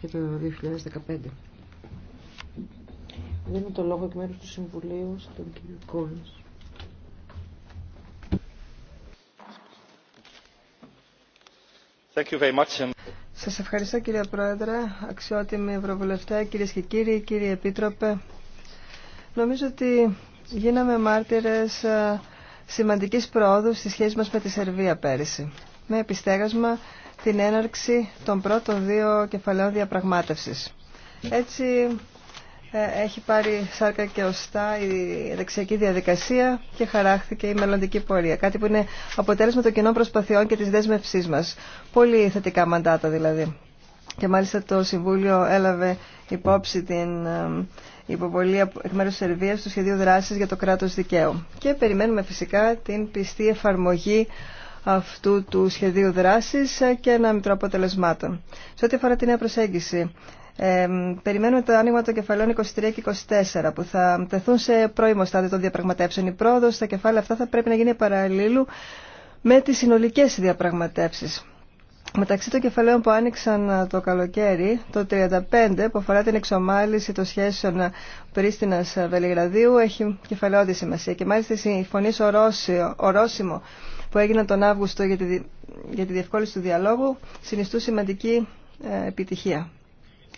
για το 2015. Δίνω το λόγο εκ μέρους του Συμβουλίου στον κύριο Κόνης. Thank you Σας ευχαριστώ κύριε Πρόεδρε, αξιότιμοι Ευρωβουλευτέ, κυρίες και κύριοι, κύριε Επίτροπε. Νομίζω ότι γίναμε μάρτυρες ε, σημαντικής πρόοδου στη σχέση μας με τη Σερβία πέρυσι. Με επιστέγασμα την έναρξη των πρώτων δύο κεφαλαίων διαπραγμάτευσης. Έτσι ε, έχει πάρει σάρκα και οστά η δεξιακή διαδικασία και χαράχθηκε η μελλοντική πορεία. Κάτι που είναι αποτέλεσμα των κοινών προσπαθειών και της δέσμευσής μας. Πολύ θετικά μαντάτα δηλαδή. Και μάλιστα το Συμβούλιο έλαβε υπόψη την ε, υποβολή εκ μέρου Σερβίας του σχεδίου δράσης για το κράτος δικαίου. Και περιμένουμε φυσικά την πιστή εφαρμογή αυτού του σχεδίου δράσης και ένα μικρό αποτελεσμάτων. Σε ό,τι αφορά τη νέα προσέγγιση, ε, περιμένουμε το άνοιγμα των κεφαλαίων 23 και 24 που θα τεθούν σε πρώιμο στάδιο των διαπραγματεύσεων. Η πρόοδο στα κεφάλαια αυτά θα πρέπει να γίνει παραλλήλου με τις συνολικές διαπραγματεύσεις. Μεταξύ των κεφαλαίων που άνοιξαν ε, το καλοκαίρι, το 35 που αφορά την εξομάλυση των σχέσεων ε, Πρίστινα Βελιγραδίου έχει κεφαλαιώδη σημασία και μάλιστα η συμφωνή ορόσημο που έγιναν τον Αύγουστο για τη, για τη διευκόλυνση του διαλόγου συνιστούν σημαντική ε, επιτυχία.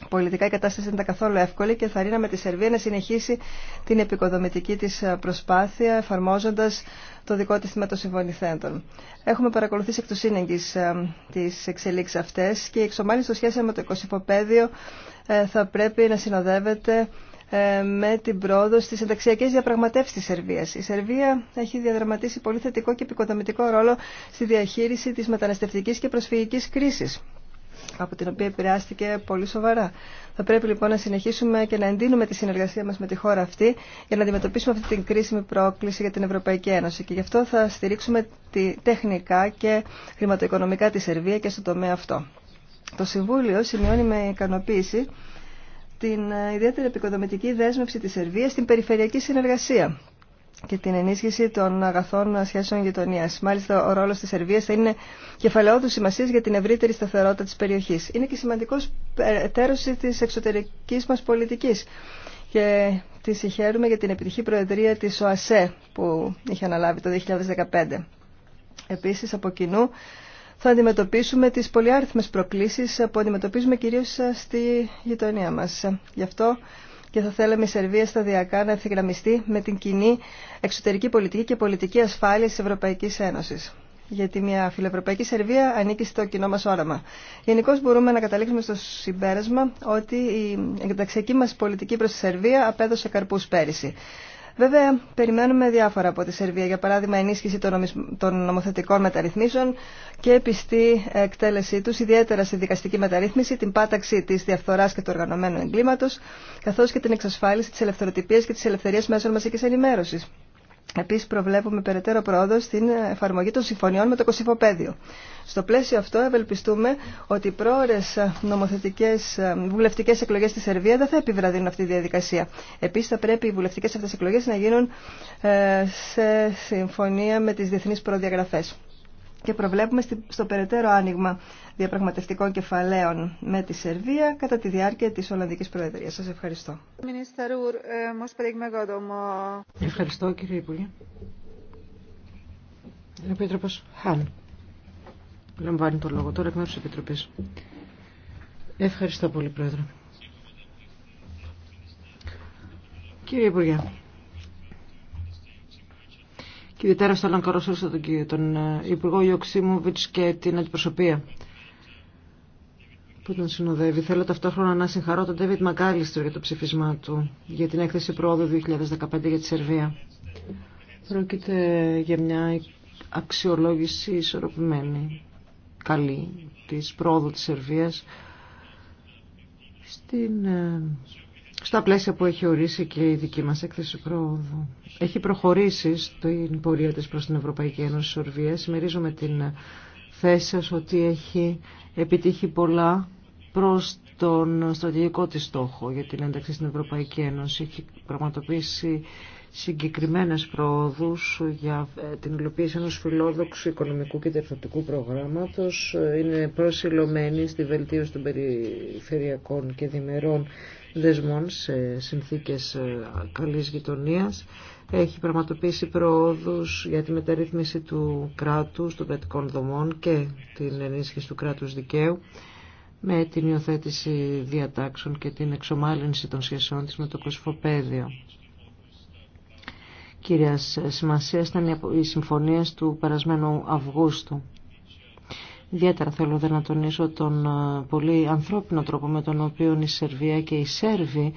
Πολιτικά η κατάσταση δεν ήταν καθόλου εύκολη και θα ρίναμε τη Σερβία να συνεχίσει την επικοδομητική τη ε, προσπάθεια εφαρμόζοντα το δικό τη θύμα των συμφωνηθέντων. Έχουμε παρακολουθήσει εκ του σύνεγγυς ε, τι εξελίξει αυτέ και η εξομάλυνση στο σχέση με το 25 θα πρέπει να συνοδεύεται ε, με την πρόοδο στις ενταξιακές διαπραγματεύσεις της Σερβίας. Η Σερβία έχει διαδραματίσει πολύ θετικό και επικοδομητικό ρόλο στη διαχείριση της μεταναστευτικής και προσφυγικής κρίσης από την οποία επηρεάστηκε πολύ σοβαρά. Θα πρέπει λοιπόν να συνεχίσουμε και να εντείνουμε τη συνεργασία μας με τη χώρα αυτή για να αντιμετωπίσουμε αυτή την κρίσιμη πρόκληση για την Ευρωπαϊκή Ένωση και γι' αυτό θα στηρίξουμε τη τεχνικά και χρηματοοικονομικά τη Σερβία και στο τομέα αυτό. Το Συμβούλιο σημειώνει με ικανοποίηση την ε, ιδιαίτερη επικοδομητική δέσμευση της Σερβίας στην περιφερειακή συνεργασία και την ενίσχυση των αγαθών σχέσεων γειτονία. Μάλιστα, ο ρόλο τη Σερβία θα είναι κεφαλαιόδου σημασία για την ευρύτερη σταθερότητα τη περιοχή. Είναι και σημαντικό εταίρωση τη εξωτερική μα πολιτική. Και τη συγχαίρουμε για την επιτυχή προεδρία τη ΟΑΣΕ που είχε αναλάβει το 2015. Επίση, από κοινού θα αντιμετωπίσουμε τις πολυάριθμες προκλήσεις που αντιμετωπίζουμε κυρίως ε, στη γειτονία μας. Γι' αυτό και θα θέλαμε η Σερβία σταδιακά να ευθυγραμμιστεί με την κοινή εξωτερική πολιτική και πολιτική ασφάλεια της Ευρωπαϊκής Ένωσης. Γιατί μια φιλοευρωπαϊκή Σερβία ανήκει στο κοινό μα όραμα. Γενικώ μπορούμε να καταλήξουμε στο συμπέρασμα ότι η ενταξιακή μα πολιτική προ τη Σερβία απέδωσε καρπού πέρυσι. Βέβαια, περιμένουμε διάφορα από τη Σερβία. Για παράδειγμα, ενίσχυση των νομοθετικών μεταρρυθμίσεων και πιστή εκτέλεσή του, ιδιαίτερα στη δικαστική μεταρρύθμιση, την πάταξη τη διαφθορά και του οργανωμένου εγκλήματο, καθώ και την εξασφάλιση τη ελευθεροτυπία και τη ελευθερία μέσων μαζική ενημέρωση. Επίση, προβλέπουμε περαιτέρω πρόοδο στην εφαρμογή των συμφωνιών με το Κωσυφοπαίδιο. Στο πλαίσιο αυτό, ευελπιστούμε ότι οι πρόορε νομοθετικέ βουλευτικέ εκλογέ στη Σερβία δεν θα επιβραδύνουν αυτή τη διαδικασία. Επίση, θα πρέπει οι βουλευτικέ αυτέ εκλογέ να γίνουν ε, σε συμφωνία με τι διεθνεί προδιαγραφέ και προβλέπουμε στο περαιτέρω άνοιγμα διαπραγματευτικών κεφαλαίων με τη Σερβία κατά τη διάρκεια της Ολλανδικής Προεδρίας. Σας ευχαριστώ. Ε, ευχαριστώ κύριε Υπουργέ. Ο Επίτροπος Χάν λαμβάνει το λόγο τώρα εκ μέρους της Επιτροπής. Ευχαριστώ πολύ Πρόεδρε. Κύριε Υπουργέ, Κύριε ιδιαίτερα θέλω να καλωσορίσω τον, τον ε, Υπουργό Ιωξίμοβιτς και την αντιπροσωπεία που τον συνοδεύει. Θέλω ταυτόχρονα να συγχαρώ τον Ντέβιτ Μακάλιστρο για το ψήφισμά του για την έκθεση πρόοδου 2015 για τη Σερβία. Πρόκειται για μια αξιολόγηση ισορροπημένη, καλή, της πρόοδου της Σερβίας στην ε, στα πλαίσια που έχει ορίσει και η δική μας έκθεση πρόοδου. Έχει προχωρήσει στην πορεία της προς την Ευρωπαϊκή Ένωση Σορβίας. Συμμερίζομαι την θέση ότι έχει επιτύχει πολλά προς τον στρατηγικό της στόχο για την ένταξη στην Ευρωπαϊκή Ένωση. Έχει πραγματοποιήσει συγκεκριμένες προόδους για ε, την υλοποίηση ενός φιλόδοξου οικονομικού και τερθωτικού προγράμματος. Είναι προσιλωμένη στη βελτίωση των περιφερειακών και δημερών δεσμών σε συνθήκες ε, καλής γειτονίας. Έχει πραγματοποιήσει προόδους για τη μεταρρύθμιση του κράτους, των κρατικών δομών και την ενίσχυση του κράτους δικαίου με την υιοθέτηση διατάξεων και την εξομάλυνση των σχεσιών της με το κοσφοπέδιο κύριας ε, σημασία ήταν οι συμφωνίες του περασμένου Αυγούστου. Ιδιαίτερα θέλω να τονίσω τον ε, πολύ ανθρώπινο τρόπο με τον οποίο η Σερβία και οι Σέρβοι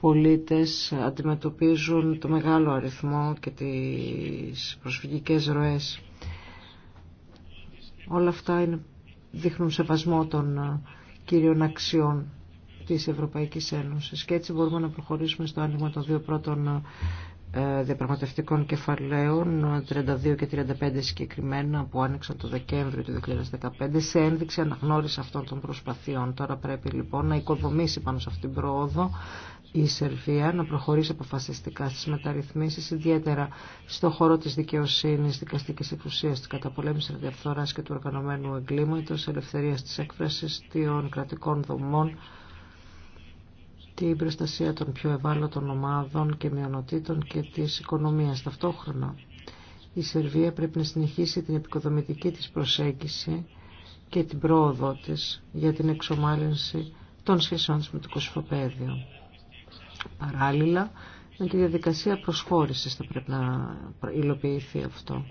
πολίτες αντιμετωπίζουν το μεγάλο αριθμό και τις προσφυγικές ροές. Όλα αυτά είναι, δείχνουν σεβασμό των ε, κύριων αξιών της Ευρωπαϊκής Ένωσης και έτσι μπορούμε να προχωρήσουμε στο άνοιγμα των δύο πρώτων διαπραγματευτικών κεφαλαίων 32 και 35 συγκεκριμένα που άνοιξαν το Δεκέμβριο του 2015 σε ένδειξη αναγνώριση αυτών των προσπαθειών. Τώρα πρέπει λοιπόν να οικοδομήσει πάνω σε αυτήν την πρόοδο η Σερβία να προχωρήσει αποφασιστικά στις μεταρρυθμίσεις, ιδιαίτερα στο χώρο της δικαιοσύνης, δικαστικής εξουσίας, της καταπολέμησης διαφθοράς και του οργανωμένου εγκλήματος, ελευθερίας της έκφρασης, των κρατικών δομών, την προστασία των πιο ευάλωτων ομάδων και μειονοτήτων και της οικονομίας ταυτόχρονα. Η Σερβία πρέπει να συνεχίσει την επικοδομητική της προσέγγιση και την πρόοδό της για την εξομάλυνση των σχέσεων της με το κοσφοπέδιο. Παράλληλα, με τη διαδικασία προσχώρησης θα πρέπει να υλοποιηθεί αυτό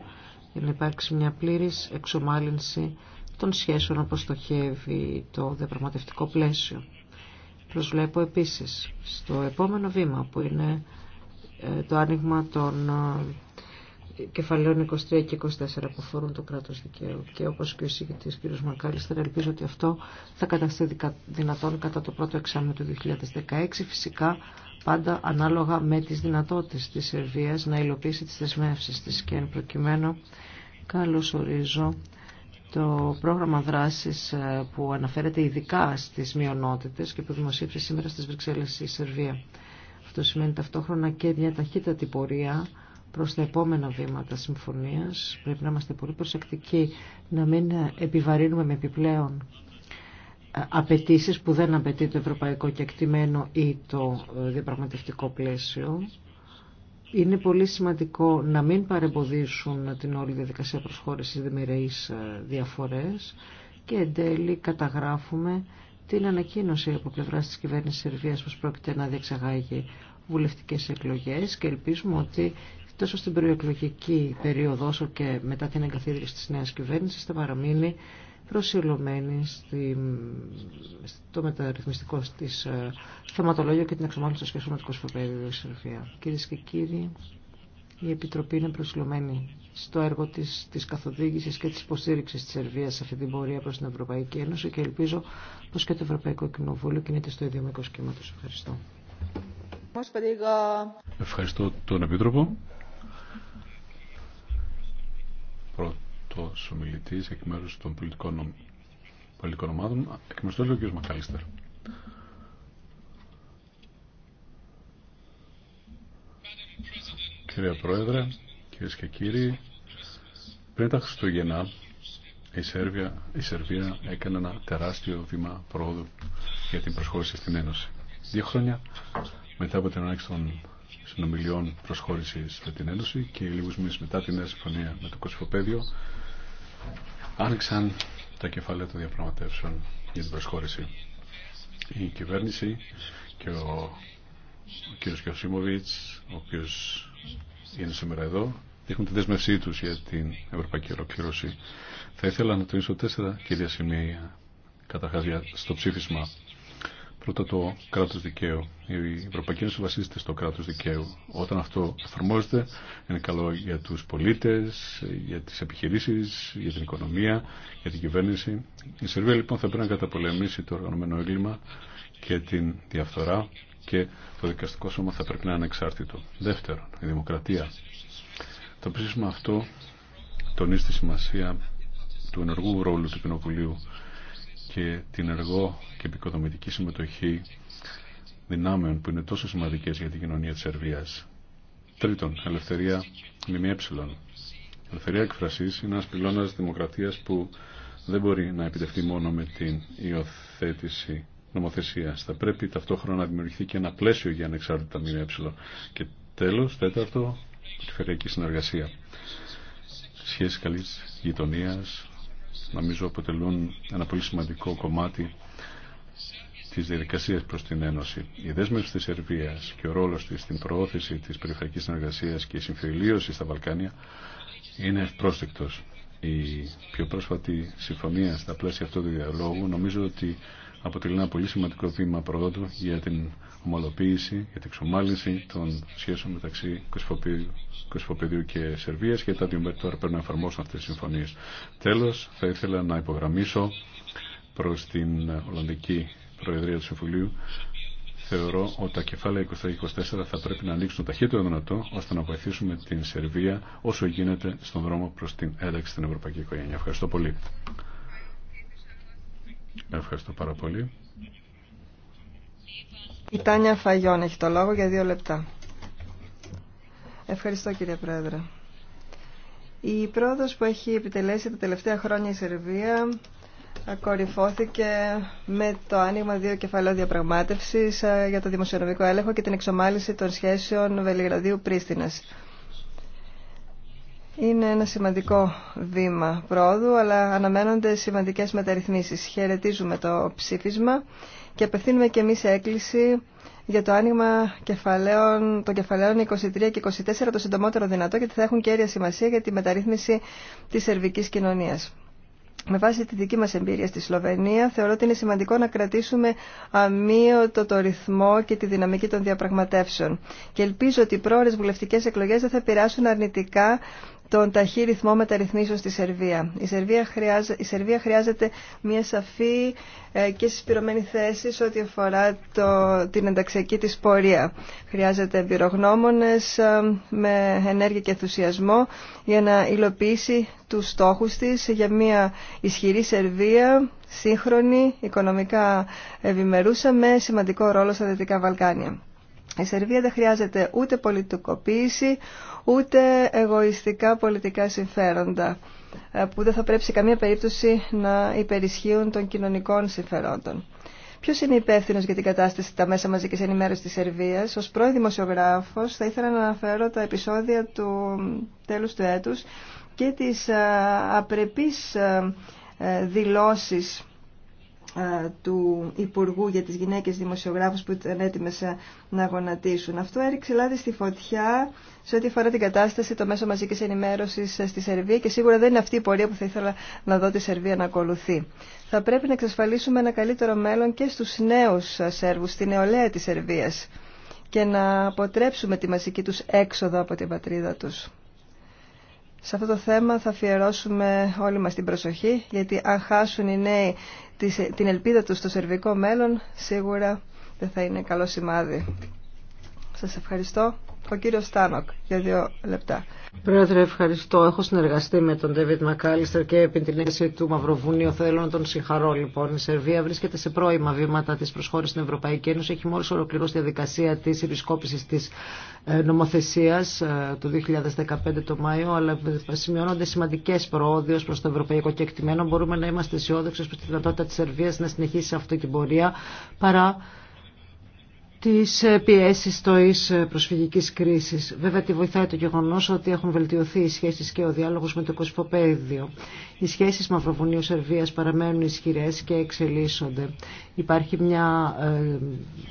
για να υπάρξει μια πλήρης εξομάλυνση των σχέσεων όπως στοχεύει το διαπραγματευτικό πλαίσιο. Προσβλέπω επίσης στο επόμενο βήμα που είναι ε, το άνοιγμα των ε, κεφαλαίων 23 και 24 που αφορούν το κράτος δικαίου και όπως και ο εισηγητής κ. Μακάλιστερ ελπίζω ότι αυτό θα καταστεί δυνατόν κατά το πρώτο εξάμεινο του 2016 φυσικά πάντα ανάλογα με τις δυνατότητες της Σερβίας να υλοποιήσει τις δεσμεύσεις της και εν προκειμένου καλώς ορίζω το πρόγραμμα δράσης ε, που αναφέρεται ειδικά στις μειονότητες και που δημοσίευσε σήμερα στις Βρυξέλλες η Σερβία. Αυτό σημαίνει ταυτόχρονα και μια ταχύτατη πορεία προς τα επόμενα βήματα συμφωνίας. Πρέπει να είμαστε πολύ προσεκτικοί να μην επιβαρύνουμε με επιπλέον ε, απαιτήσει που δεν απαιτεί το ευρωπαϊκό κεκτημένο ή το ε, διαπραγματευτικό πλαίσιο είναι πολύ σημαντικό να μην παρεμποδίσουν την όλη διαδικασία προσχώρησης δημιουργείς ε, διαφορές και εν τέλει καταγράφουμε την ανακοίνωση από πλευρά της κυβέρνησης Σερβίας που πρόκειται να διεξαγάγει βουλευτικές εκλογές και ελπίζουμε ότι τόσο στην προεκλογική περίοδο όσο και μετά την εγκαθίδρυση της νέας κυβέρνησης θα παραμείνει προσιλωμένη στο μεταρρυθμιστικό τη ε, θεματολόγιο και την εξομάλυνση των σχέσεων με το κοσμοπέδιο της Σερβία. Κυρίε και κύριοι, η Επιτροπή είναι προσιλωμένη στο έργο τη της καθοδήγησης και τη υποστήριξη τη Σερβία σε αυτή την πορεία προ την Ευρωπαϊκή Ένωση και ελπίζω πω και το Ευρωπαϊκό Κοινοβούλιο κινείται στο ίδιο μήκος κύματος. Ευχαριστώ. Ευχαριστώ τον Επίτροπο. πρώτο ομιλητή εκ μέρου των πολιτικών, πολιτικών ομάδων, εκ μέρου του ο Μακαλίστερ. Κύριε Πρόεδρε, κυρίε και κύριοι, πριν τα Χριστούγεννα η, Σέρβια, η Σερβία έκανε ένα τεράστιο βήμα πρόοδου για την προσχώρηση στην Ένωση. Δύο χρόνια μετά από την ανάγκη των συνομιλιών προσχώρηση με την Ένωση και λίγου μήνε μετά την νέα συμφωνία με το Κωσυφοπαίδιο, άνοιξαν τα κεφάλαια των διαπραγματεύσεων για την προσχώρηση. Η κυβέρνηση και ο, ο κ. ο οποίος είναι σήμερα εδώ, δείχνουν τη δέσμευσή τους για την ευρωπαϊκή ολοκλήρωση. Θα ήθελα να τονίσω τέσσερα κυρία σημεία καταρχάς στο ψήφισμα Πρώτα το κράτος δικαίου. Η Ευρωπαϊκή Ένωση βασίζεται στο κράτος δικαίου. Όταν αυτό εφαρμόζεται είναι καλό για τους πολίτες, για τις επιχειρήσεις, για την οικονομία, για την κυβέρνηση. Η Σερβία λοιπόν θα πρέπει να καταπολεμήσει το οργανωμένο έγκλημα και την διαφθορά και το δικαστικό σώμα θα πρέπει να είναι ανεξάρτητο. Δεύτερον, η δημοκρατία. Το πίσω αυτό τονίζει τη σημασία του ενεργού ρόλου του Κοινοβουλίου και την εργό και επικοδομητική συμμετοχή δυνάμεων που είναι τόσο σημαντικές για την κοινωνία της Σερβίας. Τρίτον, ελευθερία ΜΜΕ. Ελευθερία εκφρασής είναι ένας πυλώνας δημοκρατίας που δεν μπορεί να επιτευχθεί μόνο με την υιοθέτηση νομοθεσίας. Θα πρέπει ταυτόχρονα να δημιουργηθεί και ένα πλαίσιο για ανεξάρτητα ΜΜΕ. Και τέλο, τέταρτο, περιφερειακή συνεργασία. Σχέση καλή γειτονία νομίζω αποτελούν ένα πολύ σημαντικό κομμάτι τη διαδικασία προ την Ένωση. Η δέσμευση τη Σερβία και ο ρόλο τη στην προώθηση τη περιφερειακή συνεργασία και η συμφιλίωση στα Βαλκάνια είναι ευπρόσδεκτο. Η πιο πρόσφατη συμφωνία στα πλαίσια αυτού του διαλόγου νομίζω ότι αποτελεί ένα πολύ σημαντικό βήμα προόδου για την ομαλοποίηση, για την εξομάλυνση των σχέσεων μεταξύ Κοσμοπεδίου και Σερβίας και τα δύο τώρα πρέπει να εφαρμόσουν αυτές τις συμφωνίες. Τέλος, θα ήθελα να υπογραμμίσω προς την Ολλανδική Προεδρία του Συμβουλίου θεωρώ ότι τα κεφάλαια 23-24 θα πρέπει να ανοίξουν ταχύτερο δυνατό ώστε να βοηθήσουμε την Σερβία όσο γίνεται στον δρόμο προς την ένταξη στην Ευρωπαϊκή Οικογένεια. Ευχαριστώ πολύ. Ευχαριστώ πάρα πολύ. Η Τάνια Φαγιών έχει το λόγο για δύο λεπτά. Ευχαριστώ κύριε Πρόεδρε. Η πρόοδος που έχει επιτελέσει τα τελευταία χρόνια η Σερβία ακορυφώθηκε με το άνοιγμα δύο κεφαλαίων διαπραγμάτευση ε, για το δημοσιονομικό έλεγχο και την εξομάλυση των σχέσεων Βελιγραδίου-Πρίστινας. Είναι ένα σημαντικό βήμα πρόοδου, αλλά αναμένονται σημαντικές μεταρρυθμίσεις. Χαιρετίζουμε το ψήφισμα και απευθύνουμε και εμείς έκκληση για το άνοιγμα κεφαλαίων, των κεφαλαίων 23 και 24 το συντομότερο δυνατό γιατί θα έχουν κέρια σημασία για τη μεταρρύθμιση της σερβικής κοινωνίας. Με βάση τη δική μας εμπειρία στη Σλοβενία, θεωρώ ότι είναι σημαντικό να κρατήσουμε αμύωτο το ρυθμό και τη δυναμική των διαπραγματεύσεων. Και ελπίζω ότι οι πρόορες βουλευτικές εκλογές δεν θα επηρεάσουν αρνητικά τον ταχύ ρυθμό μεταρρυθμίσεων στη Σερβία. Η Σερβία, χρειάζεται, η Σερβία χρειάζεται μια σαφή ε, και συσπηρωμένη θέση σε ό,τι αφορά το, την ενταξιακή της πορεία. Χρειάζεται εμπειρογνώμονες ε, με ενέργεια και ενθουσιασμό για να υλοποιήσει τους στόχους της για μια ισχυρή Σερβία, σύγχρονη, οικονομικά ευημερούσα με σημαντικό ρόλο στα Δυτικά Βαλκάνια. Η Σερβία δεν χρειάζεται ούτε πολιτικοποίηση, ούτε εγωιστικά πολιτικά συμφέροντα ε, που δεν θα πρέπει σε καμία περίπτωση να υπερισχύουν των κοινωνικών συμφερόντων. Ποιο είναι υπεύθυνο για την κατάσταση τα μέσα μαζική ενημέρωση τη Σερβία. Ω πρώην δημοσιογράφο, θα ήθελα να αναφέρω τα επεισόδια του τέλου του έτου και τι ε, απρεπεί ε, δηλώσει ε, του Υπουργού για τις γυναίκες δημοσιογράφους που ήταν έτοιμες ε, να γονατίσουν. Αυτό έριξε λάδι στη φωτιά σε ό,τι αφορά την κατάσταση το μέσο μαζικής ενημέρωσης ε, στη Σερβία και σίγουρα δεν είναι αυτή η πορεία που θα ήθελα να δω τη Σερβία να ακολουθεί. Θα πρέπει να εξασφαλίσουμε ένα καλύτερο μέλλον και στους νέους Σέρβους, στη νεολαία της Σερβίας και να αποτρέψουμε τη μαζική τους έξοδο από την πατρίδα τους. Σε αυτό το θέμα θα αφιερώσουμε όλοι μας την προσοχή, γιατί αν χάσουν οι νέοι την ελπίδα τους στο σερβικό μέλλον, σίγουρα δεν θα είναι καλό σημάδι. Σας ευχαριστώ. Ο κύριο Στάνοκ για δύο λεπτά. Πρόεδρε, ευχαριστώ. Έχω συνεργαστεί με τον Ντέβιτ Μακάλιστερ και επί την αίσθηση του Μαυροβουνίου. Θέλω να τον συγχαρώ λοιπόν. Η Σερβία βρίσκεται σε πρώιμα βήματα τη προσχώρηση στην Ευρωπαϊκή Ένωση. Έχει μόλι ολοκληρώσει τη διαδικασία τη επισκόπηση τη ε, νομοθεσία ε, το 2015 το Μάιο, αλλά σημειώνονται σημαντικέ προόδειε προ το ευρωπαϊκό κεκτημένο. Μπορούμε να είμαστε αισιόδοξοι προ τη δυνατότητα τη Σερβία να συνεχίσει αυτή την πορεία παρά τις ε, πιέσεις ει ε, προσφυγικής κρίσης. Βέβαια τη βοηθάει το γεγονός ότι έχουν βελτιωθεί οι σχέσεις και ο διάλογος με το κοσμοπέδιο. Οι σχέσεις Μαυροβουνίου-Σερβίας παραμένουν ισχυρές και εξελίσσονται. Υπάρχει μια ε,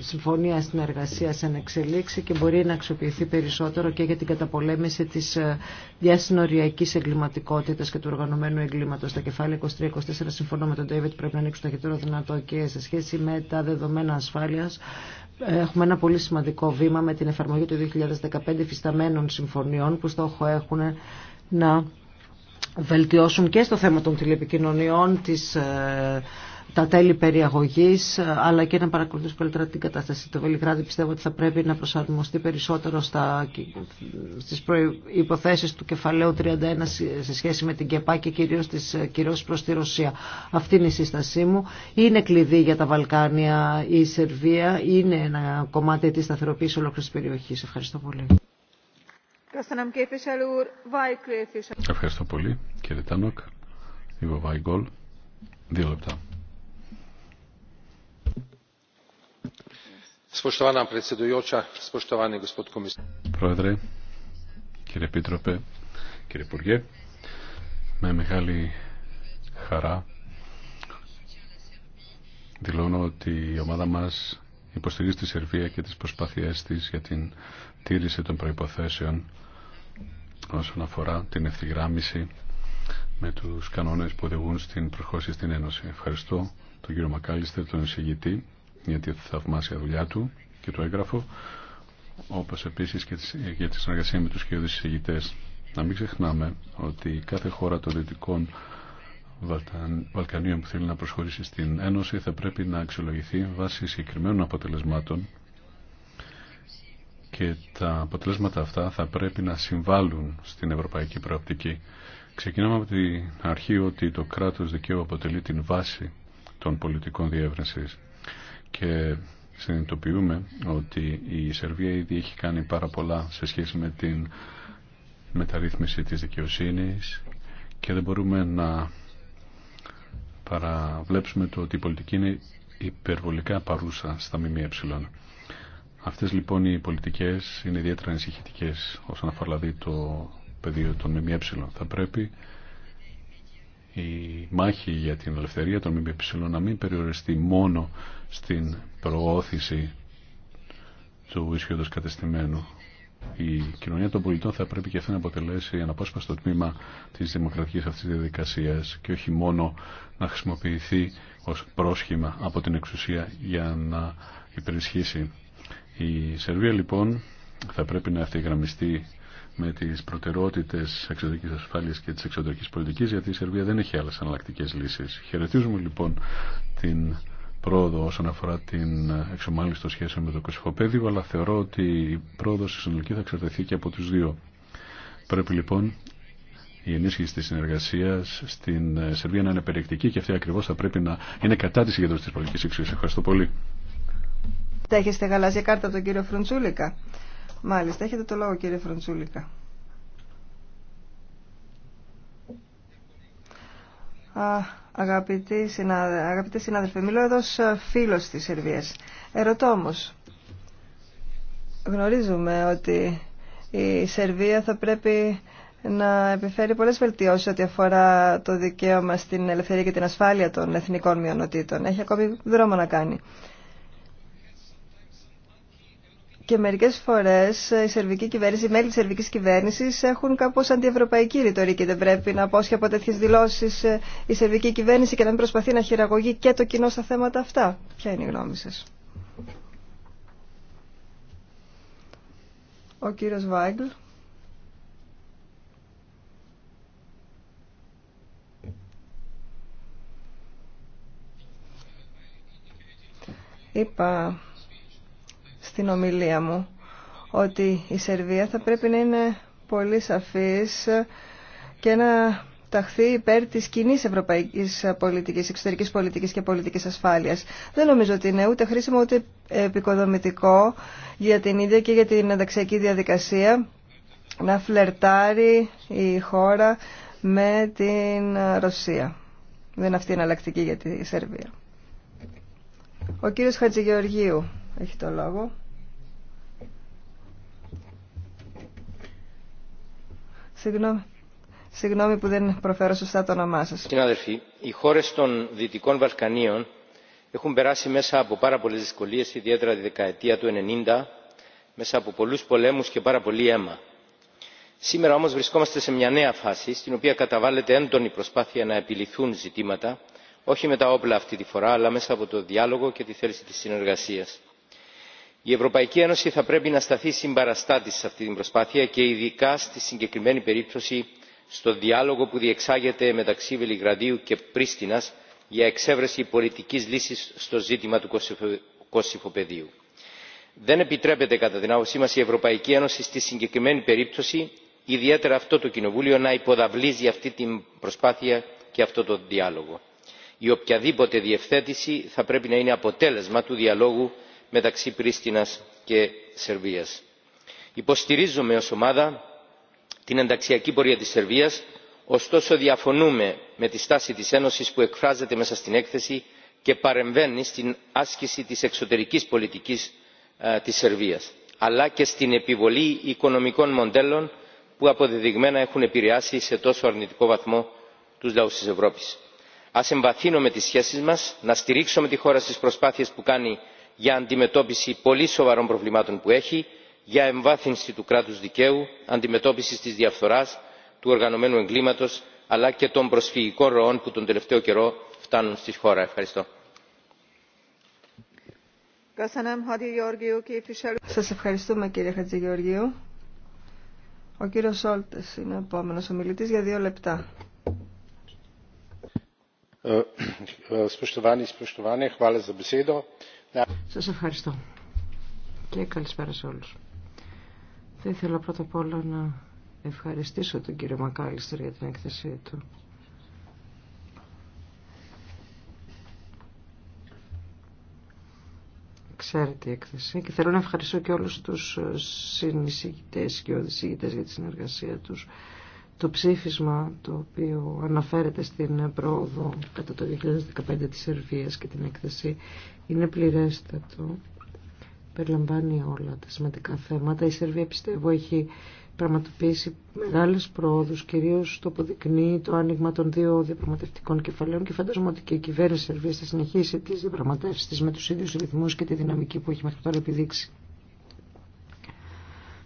συμφωνία συνεργασία εν εξελίξη και μπορεί να αξιοποιηθεί περισσότερο και για την καταπολέμηση της ε, διασυνοριακής εγκληματικότητας και του οργανωμένου εγκλήματος. Τα κεφάλαια 23-24 συμφωνώ με τον David πρέπει να ανοίξουν ταχύτερο δυνατό και σε σχέση με τα δεδομένα ασφάλειας έχουμε ένα πολύ σημαντικό βήμα με την εφαρμογή του 2015 φυσταμένων συμφωνιών που στόχο έχουν να βελτιώσουν και στο θέμα των τηλεπικοινωνιών τις ε, τα τέλη περιαγωγής αλλά και να παρακολουθήσουμε καλύτερα την κατάσταση. Το Βελιγράδι πιστεύω ότι θα πρέπει να προσαρμοστεί περισσότερο στι στις του κεφαλαίου 31 σε σχέση με την ΚΕΠΑ και κυρίως τι κυρώσει προς τη Ρωσία. Αυτή είναι η σύστασή μου. Είναι κλειδί για τα Βαλκάνια η Σερβία. Είναι ένα κομμάτι τη σταθεροποίηση ολόκληρη τη περιοχή. Ευχαριστώ πολύ. Ευχαριστώ πολύ κύριε Τάνοκ. Δύο λεπτά. Πρόεδρε, κύριε Επίτροπε, κύριε Υπουργέ, με μεγάλη χαρά δηλώνω ότι η ομάδα μας υποστηρίζει τη Σερβία και τις προσπάθειές της για την τήρηση των προϋποθέσεων όσον αφορά την ευθυγράμμιση με τους κανόνες που οδηγούν στην προχώρηση στην Ένωση. Ευχαριστώ τον κύριο Μακάλιστερ, τον εισηγητή τη θαυμάσια δουλειά του και το έγγραφο, όπως επίσης και για τη συνεργασία με τους κύριους εισηγητές. Να μην ξεχνάμε ότι κάθε χώρα των Δυτικών Βαλκανίων που θέλει να προσχωρήσει στην Ένωση θα πρέπει να αξιολογηθεί βάσει συγκεκριμένων αποτελεσμάτων και τα αποτελέσματα αυτά θα πρέπει να συμβάλλουν στην ευρωπαϊκή προοπτική. Ξεκινάμε από την αρχή ότι το κράτος δικαίου αποτελεί την βάση των πολιτικών διεύρυνσης και συνειδητοποιούμε ότι η Σερβία ήδη έχει κάνει πάρα πολλά σε σχέση με την μεταρρύθμιση της δικαιοσύνης και δεν μπορούμε να παραβλέψουμε το ότι η πολιτική είναι υπερβολικά παρούσα στα ΜΜΕ. Αυτές λοιπόν οι πολιτικές είναι ιδιαίτερα ενσυχητικές όσον αφορά δηλαδή το πεδίο των ΜΜΕ. Θα πρέπει η μάχη για την ελευθερία των ΜΠΕ να μην περιοριστεί μόνο στην προώθηση του ισχυόντος κατεστημένου. Η κοινωνία των πολιτών θα πρέπει και αυτή να αποτελέσει αναπόσπαστο τμήμα της δημοκρατικής αυτής διαδικασίας και όχι μόνο να χρησιμοποιηθεί ως πρόσχημα από την εξουσία για να υπερισχύσει. Η Σερβία λοιπόν θα πρέπει να ευθυγραμμιστεί με τις προτεραιότητες εξωτερική ασφάλεια και τη εξωτερική πολιτική, γιατί η Σερβία δεν έχει άλλε αναλλακτικέ λύσει. Χαιρετίζουμε λοιπόν την πρόοδο όσον αφορά την εξομάλυνση των σχέσεων με το Κωσυφοπέδιο αλλά θεωρώ ότι η πρόοδο στη συνολική θα εξαρτηθεί και από του δύο. Πρέπει λοιπόν η ενίσχυση τη συνεργασία στην Σερβία να είναι περιεκτική και αυτή ακριβώ θα πρέπει να είναι κατά τη συγκέντρωση τη πολιτική εξουσία. Ευχαριστώ πολύ. Έχετε γαλάζια κάρτα τον κύριο Φρουντσούλικα. Μάλιστα, έχετε το λόγο κύριε Φροντσούλικα. Α, αγαπητοί συνάδελφοι, αγαπητοί συνάδελφοι, μιλώ εδώ ως ε, φίλος της Σερβίας. Ερωτώ όμως, γνωρίζουμε ότι η Σερβία θα πρέπει να επιφέρει πολλές βελτιώσεις ό,τι αφορά το δικαίωμα στην ελευθερία και την ασφάλεια των εθνικών μειονοτήτων. Έχει ακόμη δρόμο να κάνει. Και μερικέ φορές ε, η σερβική κυβέρνηση, οι μέλη τη σερβική κυβέρνηση έχουν κάπως αντιευρωπαϊκή ρητορική. Δεν πρέπει να απόσχει από τέτοιε δηλώσει ε, η σερβική κυβέρνηση και να μην προσπαθεί να χειραγωγεί και το κοινό στα θέματα αυτά. Ποια είναι η γνώμη σας. Ο κύριος Βάγκλ. Είπα στην ομιλία μου ότι η Σερβία θα πρέπει να είναι πολύ σαφής και να ταχθεί υπέρ της κοινή ευρωπαϊκής πολιτικής, εξωτερικής πολιτικής και πολιτικής ασφάλειας. Δεν νομίζω ότι είναι ούτε χρήσιμο ούτε επικοδομητικό για την ίδια και για την ενταξιακή διαδικασία να φλερτάρει η χώρα με την Ρωσία. Δεν είναι αυτή η εναλλακτική για τη Σερβία. Ο κύριος Χατζηγεωργίου έχει το λόγο. Συγγνώμη. που δεν προφέρω σωστά το όνομά σα. Συνάδελφοι, οι χώρε των Δυτικών Βαλκανίων έχουν περάσει μέσα από πάρα πολλέ δυσκολίε, ιδιαίτερα τη δεκαετία του 90, μέσα από πολλού πολέμου και πάρα πολύ αίμα. Σήμερα όμω βρισκόμαστε σε μια νέα φάση, στην οποία καταβάλλεται έντονη προσπάθεια να επιληθούν ζητήματα, όχι με τα όπλα αυτή τη φορά, αλλά μέσα από το διάλογο και τη θέληση τη συνεργασία η ευρωπαϊκή ένωση θα πρέπει να σταθεί συμπαραστάτη σε αυτή την προσπάθεια και ειδικά στη συγκεκριμένη περίπτωση στο διάλογο που διεξάγεται μεταξύ βελιγραδίου και πρίστινας για εξέβρεση πολιτικής λύσης στο ζήτημα του κωσυφοπεδίου. δεν επιτρέπεται κατά την άποψή μας η ευρωπαϊκή ένωση στη συγκεκριμένη περίπτωση ιδιαίτερα αυτό το κοινοβούλιο να υποδαβλίζει αυτή την προσπάθεια και αυτό το διάλογο. η οποιαδήποτε διευθέτηση θα πρέπει να είναι αποτέλεσμα του διαλόγου μεταξύ πρίστινας και σερβίας. υποστηρίζουμε ως ομάδα την ενταξιακή πορεία της σερβίας ωστόσο διαφωνούμε με τη στάση της ένωσης που εκφράζεται μέσα στην έκθεση και παρεμβαίνει στην άσκηση της εξωτερικής πολιτικής ε, της σερβίας αλλά και στην επιβολή οικονομικών μοντέλων που αποδεδειγμένα έχουν επηρεάσει σε τόσο αρνητικό βαθμό τους λαούς της ευρώπης. ας εμβαθύνουμε τις σχέσεις μας να στηρίξουμε τη χώρα στις προσπάθειες που κάνει για αντιμετώπιση πολύ σοβαρών προβλημάτων που έχει για εμβάθυνση του κράτους δικαίου αντιμετώπιση της διαφθοράς του οργανωμένου εγκλήματος αλλά και των προσφυγικών ροών που τον τελευταίο καιρό φτάνουν στη χώρα. Ευχαριστώ. Σας ευχαριστούμε κύριε Χατζηγεωργίου. Ο κύριος Σόλτες είναι ο επόμενος ομιλητής για δύο λεπτά. Σας ευχαριστώ και καλησπέρα σε όλους. Θα ήθελα πρώτα απ' όλα να ευχαριστήσω τον κύριο Μακάλιστερ για την έκθεσή του. Ξέρετε η έκθεση και θέλω να ευχαριστώ και όλους τους συνεισηγητές και οδησηγητές για τη συνεργασία τους το ψήφισμα το οποίο αναφέρεται στην πρόοδο κατά το 2015 της Σερβίας και την έκθεση είναι πληρέστατο. Περιλαμβάνει όλα τα σημαντικά θέματα. Η Σερβία πιστεύω έχει πραγματοποιήσει μεγάλες προόδους, κυρίως το αποδεικνύει το άνοιγμα των δύο διαπραγματευτικών κεφαλαίων και φαντάζομαι ότι και η κυβέρνηση Σερβίας θα συνεχίσει τις διαπραγματεύσεις με τους ίδιους ρυθμούς και τη δυναμική που έχει μέχρι τώρα επιδείξει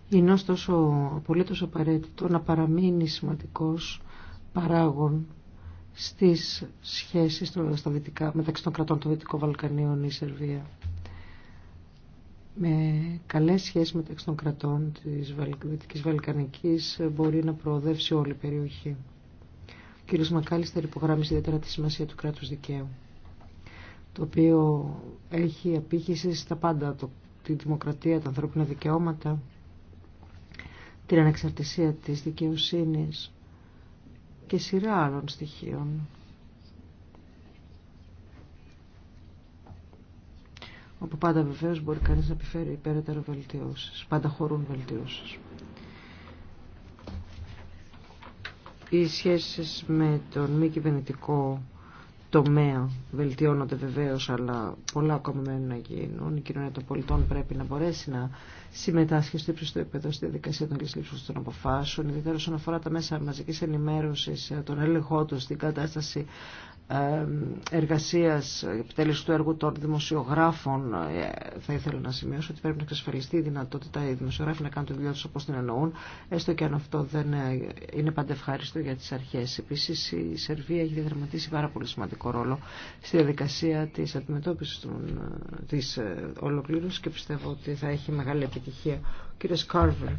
είναι ωστόσο απολύτως απαραίτητο να παραμείνει σημαντικός παράγων στις σχέσεις στα δυτικά, μεταξύ των κρατών των Δυτικών Βαλκανίων η Σερβία. Με καλές σχέσεις μεταξύ των κρατών της Δυτικής Βαλκανικής μπορεί να προοδεύσει όλη η περιοχή. Ο κ. Μακάλιστερ υπογράμμισε ιδιαίτερα τη σημασία του κράτους δικαίου, το οποίο έχει απήχηση στα πάντα, το, τη δημοκρατία, τα ανθρώπινα δικαιώματα, την ανεξαρτησία της δικαιοσύνης και σειρά άλλων στοιχείων. Όπου πάντα βεβαίως μπορεί κανείς να επιφέρει υπέραιτερα βελτιώσεις. Πάντα χωρούν βελτιώσεις. Οι σχέσεις με τον μη κυβερνητικό τομέα βελτιώνονται βεβαίως, αλλά πολλά ακόμα μένουν να γίνουν. Η κοινωνία των πολιτών πρέπει να μπορέσει να συμμετάσχει στο του επίπεδο στη διαδικασία των κλεισλήψεων των αποφάσεων, ιδιαίτερα όσον αφορά τα μέσα μαζική ενημέρωση, ε, τον έλεγχό του, την κατάσταση εργασίας, επιτέλεση του έργου των δημοσιογράφων ε, θα ήθελα να σημειώσω ότι πρέπει να εξασφαλιστεί η δυνατότητα οι δημοσιογράφοι να κάνουν τη δουλειά τους όπως την εννοούν έστω και αν αυτό δεν ε, είναι πάντα ευχάριστο για τις αρχές. Επίσης η Σερβία έχει διαδραματίσει πάρα πολύ σημαντικό ρόλο στη διαδικασία της αντιμετώπισης των, ε, της ολοκλήρωσης και πιστεύω ότι θα έχει μεγάλη επιτυχία. Ο κύριος Κάρβερ.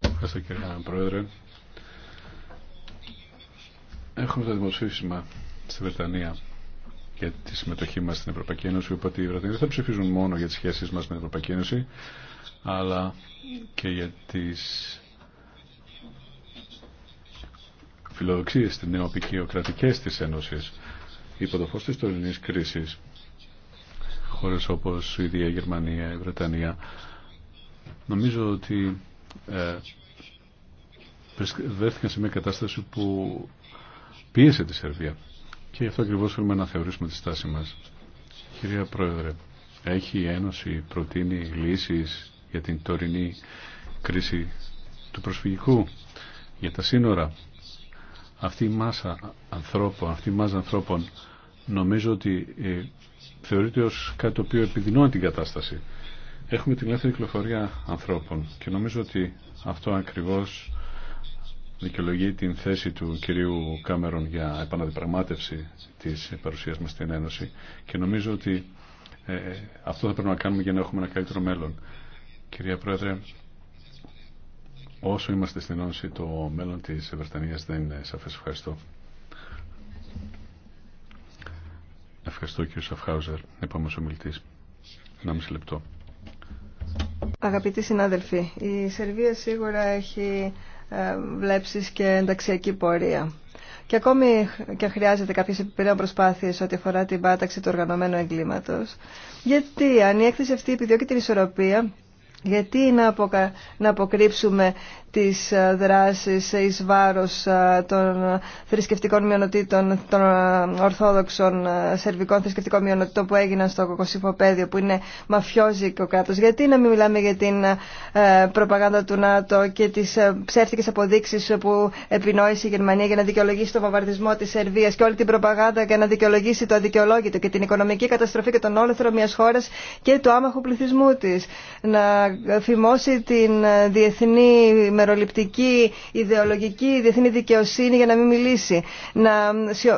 Ευχαριστώ κύριε Πρόεδρε. Έχουμε το δημοσίευμα στη Βρετανία για τη συμμετοχή μα στην Ευρωπαϊκή Ένωση Οπότε οι Βρετανοί δεν θα ψηφίζουν μόνο για τι σχέσει μα με την Ευρωπαϊκή Ένωση αλλά και για τι φιλοδοξίε στην νεοπικιοκρατικές τη Ένωση υπό το φω τη τωρινή κρίση, Χώρε όπω η Ιδία, η Γερμανία, η Βρετανία νομίζω ότι ε, βρέθηκαν σε μια κατάσταση που πίεσε τη Σερβία και γι' αυτό ακριβώ θέλουμε να θεωρήσουμε τη στάση μα. Κυρία Πρόεδρε, έχει η Ένωση προτείνει λύσει για την τωρινή κρίση του προσφυγικού, για τα σύνορα. Αυτή η μάσα ανθρώπων, αυτή η μάζα ανθρώπων νομίζω ότι ε, θεωρείται ως κάτι το οποίο επιδεινώνει την κατάσταση. Έχουμε την ελεύθερη κυκλοφορία ανθρώπων και νομίζω ότι αυτό ακριβώς δικαιολογεί την θέση του κυρίου Κάμερον για επαναδιπραγμάτευση της παρουσίας μας στην Ένωση και νομίζω ότι ε, ε, αυτό θα πρέπει να κάνουμε για να έχουμε ένα καλύτερο μέλλον. Κυρία Πρόεδρε, όσο είμαστε στην Ένωση το μέλλον της Βρετανίας δεν είναι σαφές. Ευχαριστώ. Ευχαριστώ κύριο Σαφχάουζερ, επόμενος ομιλητής. μισή λεπτό. Αγαπητοί συνάδελφοι, η Σερβία σίγουρα έχει ε, βλέψεις και ενταξιακή πορεία. Και ακόμη και χρειάζεται κάποιες επιπλέον προσπάθειες ό,τι αφορά την πάταξη του οργανωμένου εγκλήματος. Γιατί αν η έκθεση αυτή επιδιώκει την ισορροπία γιατί να, αποκα... να αποκρύψουμε τις ε, δράσεις εις βάρος ε, των θρησκευτικών μειονοτήτων, των ε, ορθόδοξων σερβικών θρησκευτικών μειονοτήτων που έγιναν στο Πέδιο, που είναι μαφιόζικο κράτος. Γιατί να μην μιλάμε για την προπαγάνδα του ΝΑΤΟ και τις ψεύτικες αποδείξεις που επινόησε η Γερμανία για να δικαιολογήσει τον βομβαρδισμό της Σερβίας και όλη την προπαγάνδα για να δικαιολογήσει το αδικαιολόγητο και την οικονομική καταστροφή και τον όλεθρο μιας χώρας και του άμαχου πληθυσμού της να φημώσει την διεθνή μεροληπτική, ιδεολογική, διεθνή δικαιοσύνη για να μην μιλήσει, να,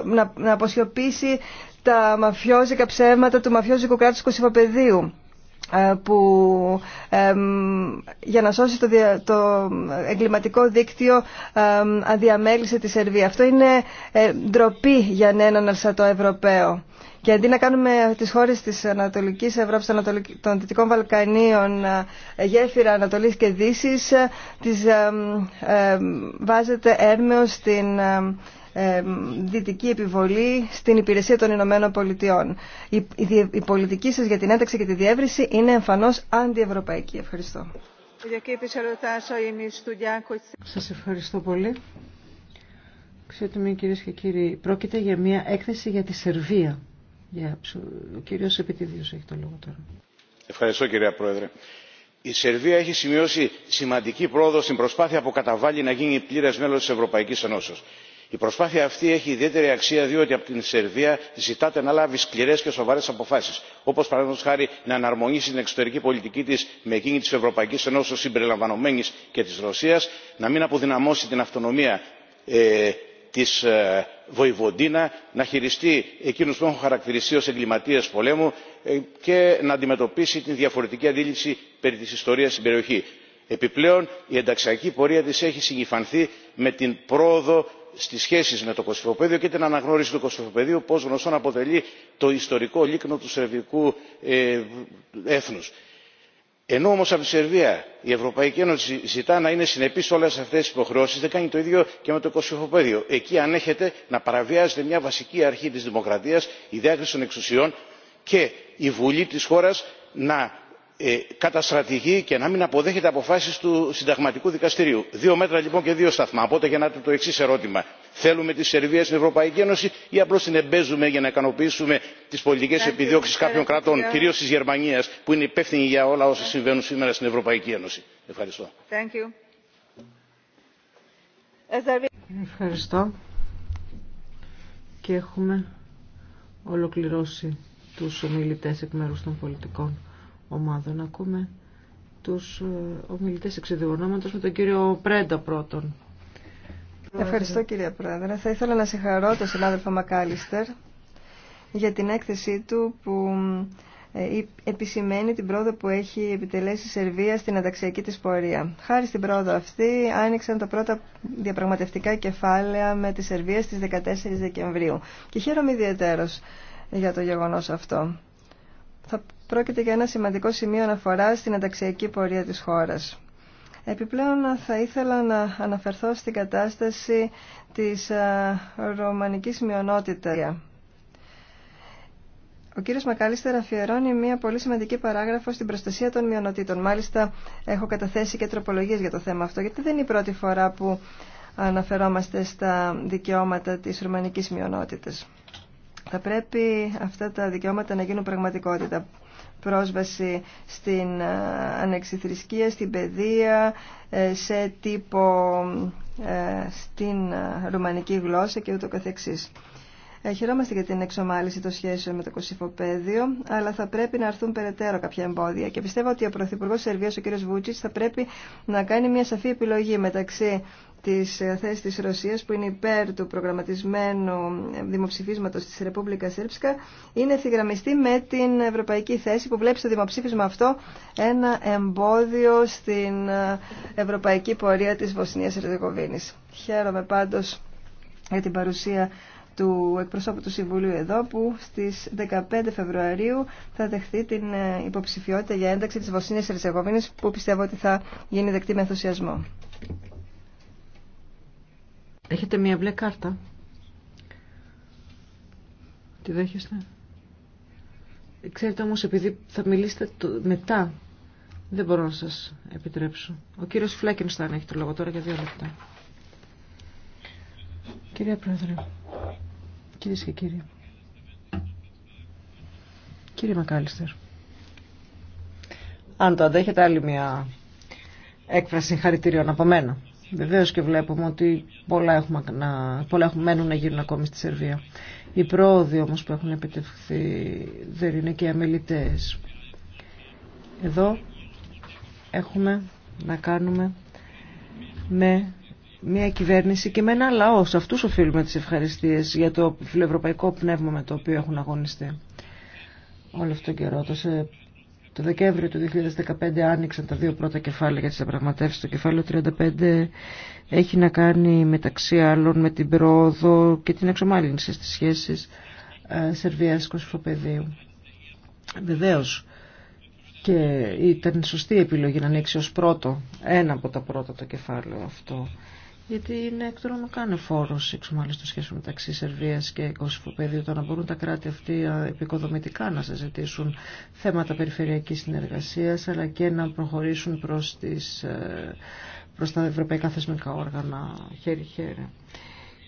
να, να αποσιωπήσει τα μαφιόζικα ψέματα του μαφιόζικου κράτους Κωσυφοπεδίου ε, που ε, για να σώσει το, το εγκληματικό δίκτυο ε, αδιαμέλυσε τη Σερβία. Αυτό είναι ντροπή για έναν αρσατό Ευρωπαίο. Και αντί να κάνουμε τις χώρες της Ανατολικής Ευρώπης, των Δυτικών Βαλκανίων γέφυρα Ανατολής και Δύσης, τις βάζεται έρμεως στην δυτική επιβολή στην υπηρεσία των Ηνωμένων Πολιτειών. Η, πολιτική σας για την ένταξη και τη διεύρυνση είναι εμφανώς αντιευρωπαϊκή. Ευχαριστώ. Σας ευχαριστώ πολύ. Ξέρετε, κυρίε και κύριοι, πρόκειται για μια έκθεση για τη Σερβία. Για... Ο κύριος Επιτιδίος έχει το λόγο τώρα. Ευχαριστώ κυρία Πρόεδρε. Η Σερβία έχει σημειώσει σημαντική πρόοδο στην προσπάθεια που καταβάλει να γίνει πλήρε μέλο τη Ευρωπαϊκή Ενώσεω η προσπάθεια αυτή έχει ιδιαίτερη αξία διότι από την σερβία ζητάται να λάβει σκληρέ και σοβαρέ αποφάσει όπω παραδείγματο χάρη να εναρμονίσει την εξωτερική πολιτική τη με εκείνη τη ευρωπαϊκή ενώσεω συμπεριλαμβανομένη και τη ρωσία να μην αποδυναμώσει την αυτονομία ε, τη ε, βοηβοντίνα να χειριστεί εκείνου που έχουν χαρακτηριστεί ω εγκληματίε πολέμου ε, και να αντιμετωπίσει την διαφορετική αντίληψη περί τη ιστορία στην περιοχή. επιπλέον η ενταξιακή πορεία τη έχει συγκυφανθεί με την πρόοδο στι σχέσει με το κωσυφοπαίδιο και την αναγνώριση του κωσυφοπαιδίου που ω γνωστόν αποτελεί το ιστορικό λίκνο του σερβικού ε, έθνου. ενώ όμω από τη σερβία η ευρωπαϊκή ένωση ζητά να είναι συνεπή σε όλε αυτέ τι υποχρεώσει δεν κάνει το ίδιο και με το κωσυφοπαίδιο. εκεί ανέχεται να παραβιάζεται μια βασική αρχή τη δημοκρατία η διάκριση των εξουσιών και η βουλή τη χώρα να ε, καταστρατηγεί και να μην αποδέχεται αποφάσεις του συνταγματικού δικαστηρίου. δύο μέτρα λοιπόν και δύο σταθμά. οπότε γεννάται το εξή ερώτημα θέλουμε τη σερβία στην ευρωπαϊκή ένωση ή απλώ την εμπέζουμε για να ικανοποιήσουμε τι πολιτικέ επιδιώξει κάποιων κρατών κυρίω τη Γερμανία, που είναι υπεύθυνη για όλα όσα συμβαίνουν σήμερα στην ευρωπαϊκή ένωση. ευχαριστώ. ευχαριστώ. και έχουμε ολοκληρώσει τους ομιλητές εκ μέρους των πολιτικών ομάδων. Ακούμε τους ε, ομιλητές με τον κύριο Πρέντα πρώτον. Ευχαριστώ κύριε Πρόεδρε. Θα ήθελα να συγχαρώ τον συνάδελφο Μακάλιστερ για την έκθεσή του που ε, επισημαίνει την πρόοδο που έχει επιτελέσει η Σερβία στην ανταξιακή της πορεία. Χάρη στην πρόοδο αυτή άνοιξαν τα πρώτα διαπραγματευτικά κεφάλαια με τη Σερβία στις 14 Δεκεμβρίου και χαίρομαι ιδιαίτερος για το γεγονός αυτό θα πρόκειται για ένα σημαντικό σημείο αναφοράς στην ενταξιακή πορεία της χώρας. Επιπλέον θα ήθελα να αναφερθώ στην κατάσταση της ρωμανικής μειονότητας. Ο κύριος Μακάλιστερ αφιερώνει μια πολύ σημαντική παράγραφο στην προστασία των μειονοτήτων. Μάλιστα έχω καταθέσει και τροπολογίες για το θέμα αυτό, γιατί δεν είναι η πρώτη φορά που αναφερόμαστε στα δικαιώματα της ρωμανικής μειονότητας. Θα πρέπει αυτά τα δικαιώματα να γίνουν πραγματικότητα. Πρόσβαση στην ε, ανεξιθρησκεία, στην παιδεία, ε, σε τύπο ε, στην ρουμανική γλώσσα και ούτω καθεξής. Χαιρόμαστε για την εξομάλυση των σχέσεων με το Κωσυφοπαίδιο, αλλά θα πρέπει να έρθουν περαιτέρω κάποια εμπόδια. Και πιστεύω ότι ο Πρωθυπουργό Σερβίος, ο κ. Βούτσιτ, θα πρέπει να κάνει μια σαφή επιλογή μεταξύ της ε, θέση της Ρωσίας που είναι υπέρ του προγραμματισμένου ε, δημοψηφίσματος της Ρεπούμπλικα Σέρψκα είναι ευθυγραμμιστή με την ευρωπαϊκή θέση που βλέπει στο δημοψήφισμα αυτό ένα εμπόδιο στην ε, ευρωπαϊκή πορεία της Βοσνίας Ερζεγοβίνης. Χαίρομαι πάντως για την παρουσία του εκπροσώπου του Συμβουλίου εδώ που στις 15 Φεβρουαρίου θα δεχθεί την υποψηφιότητα για ένταξη της Βοσνίας Ερζεγοβίνης που πιστεύω ότι θα γίνει δεκτή με ενθουσιασμό. Έχετε μία μπλε κάρτα. Τη δέχεστε. Ξέρετε όμως επειδή θα μιλήσετε μετά δεν μπορώ να σας επιτρέψω. Ο κύριος Φλέκενσταν έχει το λόγο τώρα για δύο λεπτά. Κυρία Πρόεδρε, κυρίε και κύριοι, κύριε Μακάλιστερ, αν το αντέχετε άλλη μια έκφραση χαρητηρίων από μένα. Βεβαίω και βλέπουμε ότι πολλά, έχουμε να, πολλά έχουμε, μένουν να γίνουν ακόμη στη Σερβία. Οι πρόοδοι όμως που έχουν επιτευχθεί δεν είναι και αμελητέ. Εδώ έχουμε να κάνουμε με μια κυβέρνηση και με ένα λαό. Σε αυτούς οφείλουμε τι ευχαριστίες για το φιλοευρωπαϊκό πνεύμα με το οποίο έχουν αγωνιστεί όλο αυτόν τον καιρό. Το το Δεκέμβριο του 2015 άνοιξαν τα δύο πρώτα κεφάλαια για τις διαπραγματεύσει. Το κεφάλαιο 35 έχει να κάνει μεταξύ άλλων με την πρόοδο και την εξομάλυνση στις σχέσεις ε, Σερβίας Κοσυφοπεδίου. Βεβαίως και ήταν σωστή επιλογή να ανοίξει ως πρώτο, ένα από τα πρώτα το κεφάλαιο αυτό γιατί είναι εκ να κάνει φόρο εξομάλυνση σχέση σχέση μεταξύ Σερβία και Κωσυφοπεδίου, το να μπορούν τα κράτη αυτή επικοδομητικά να συζητήσουν θέματα περιφερειακή συνεργασία, αλλά και να προχωρήσουν προ ε, προς τα ευρωπαϊκά θεσμικά όργανα χέρι-χέρι.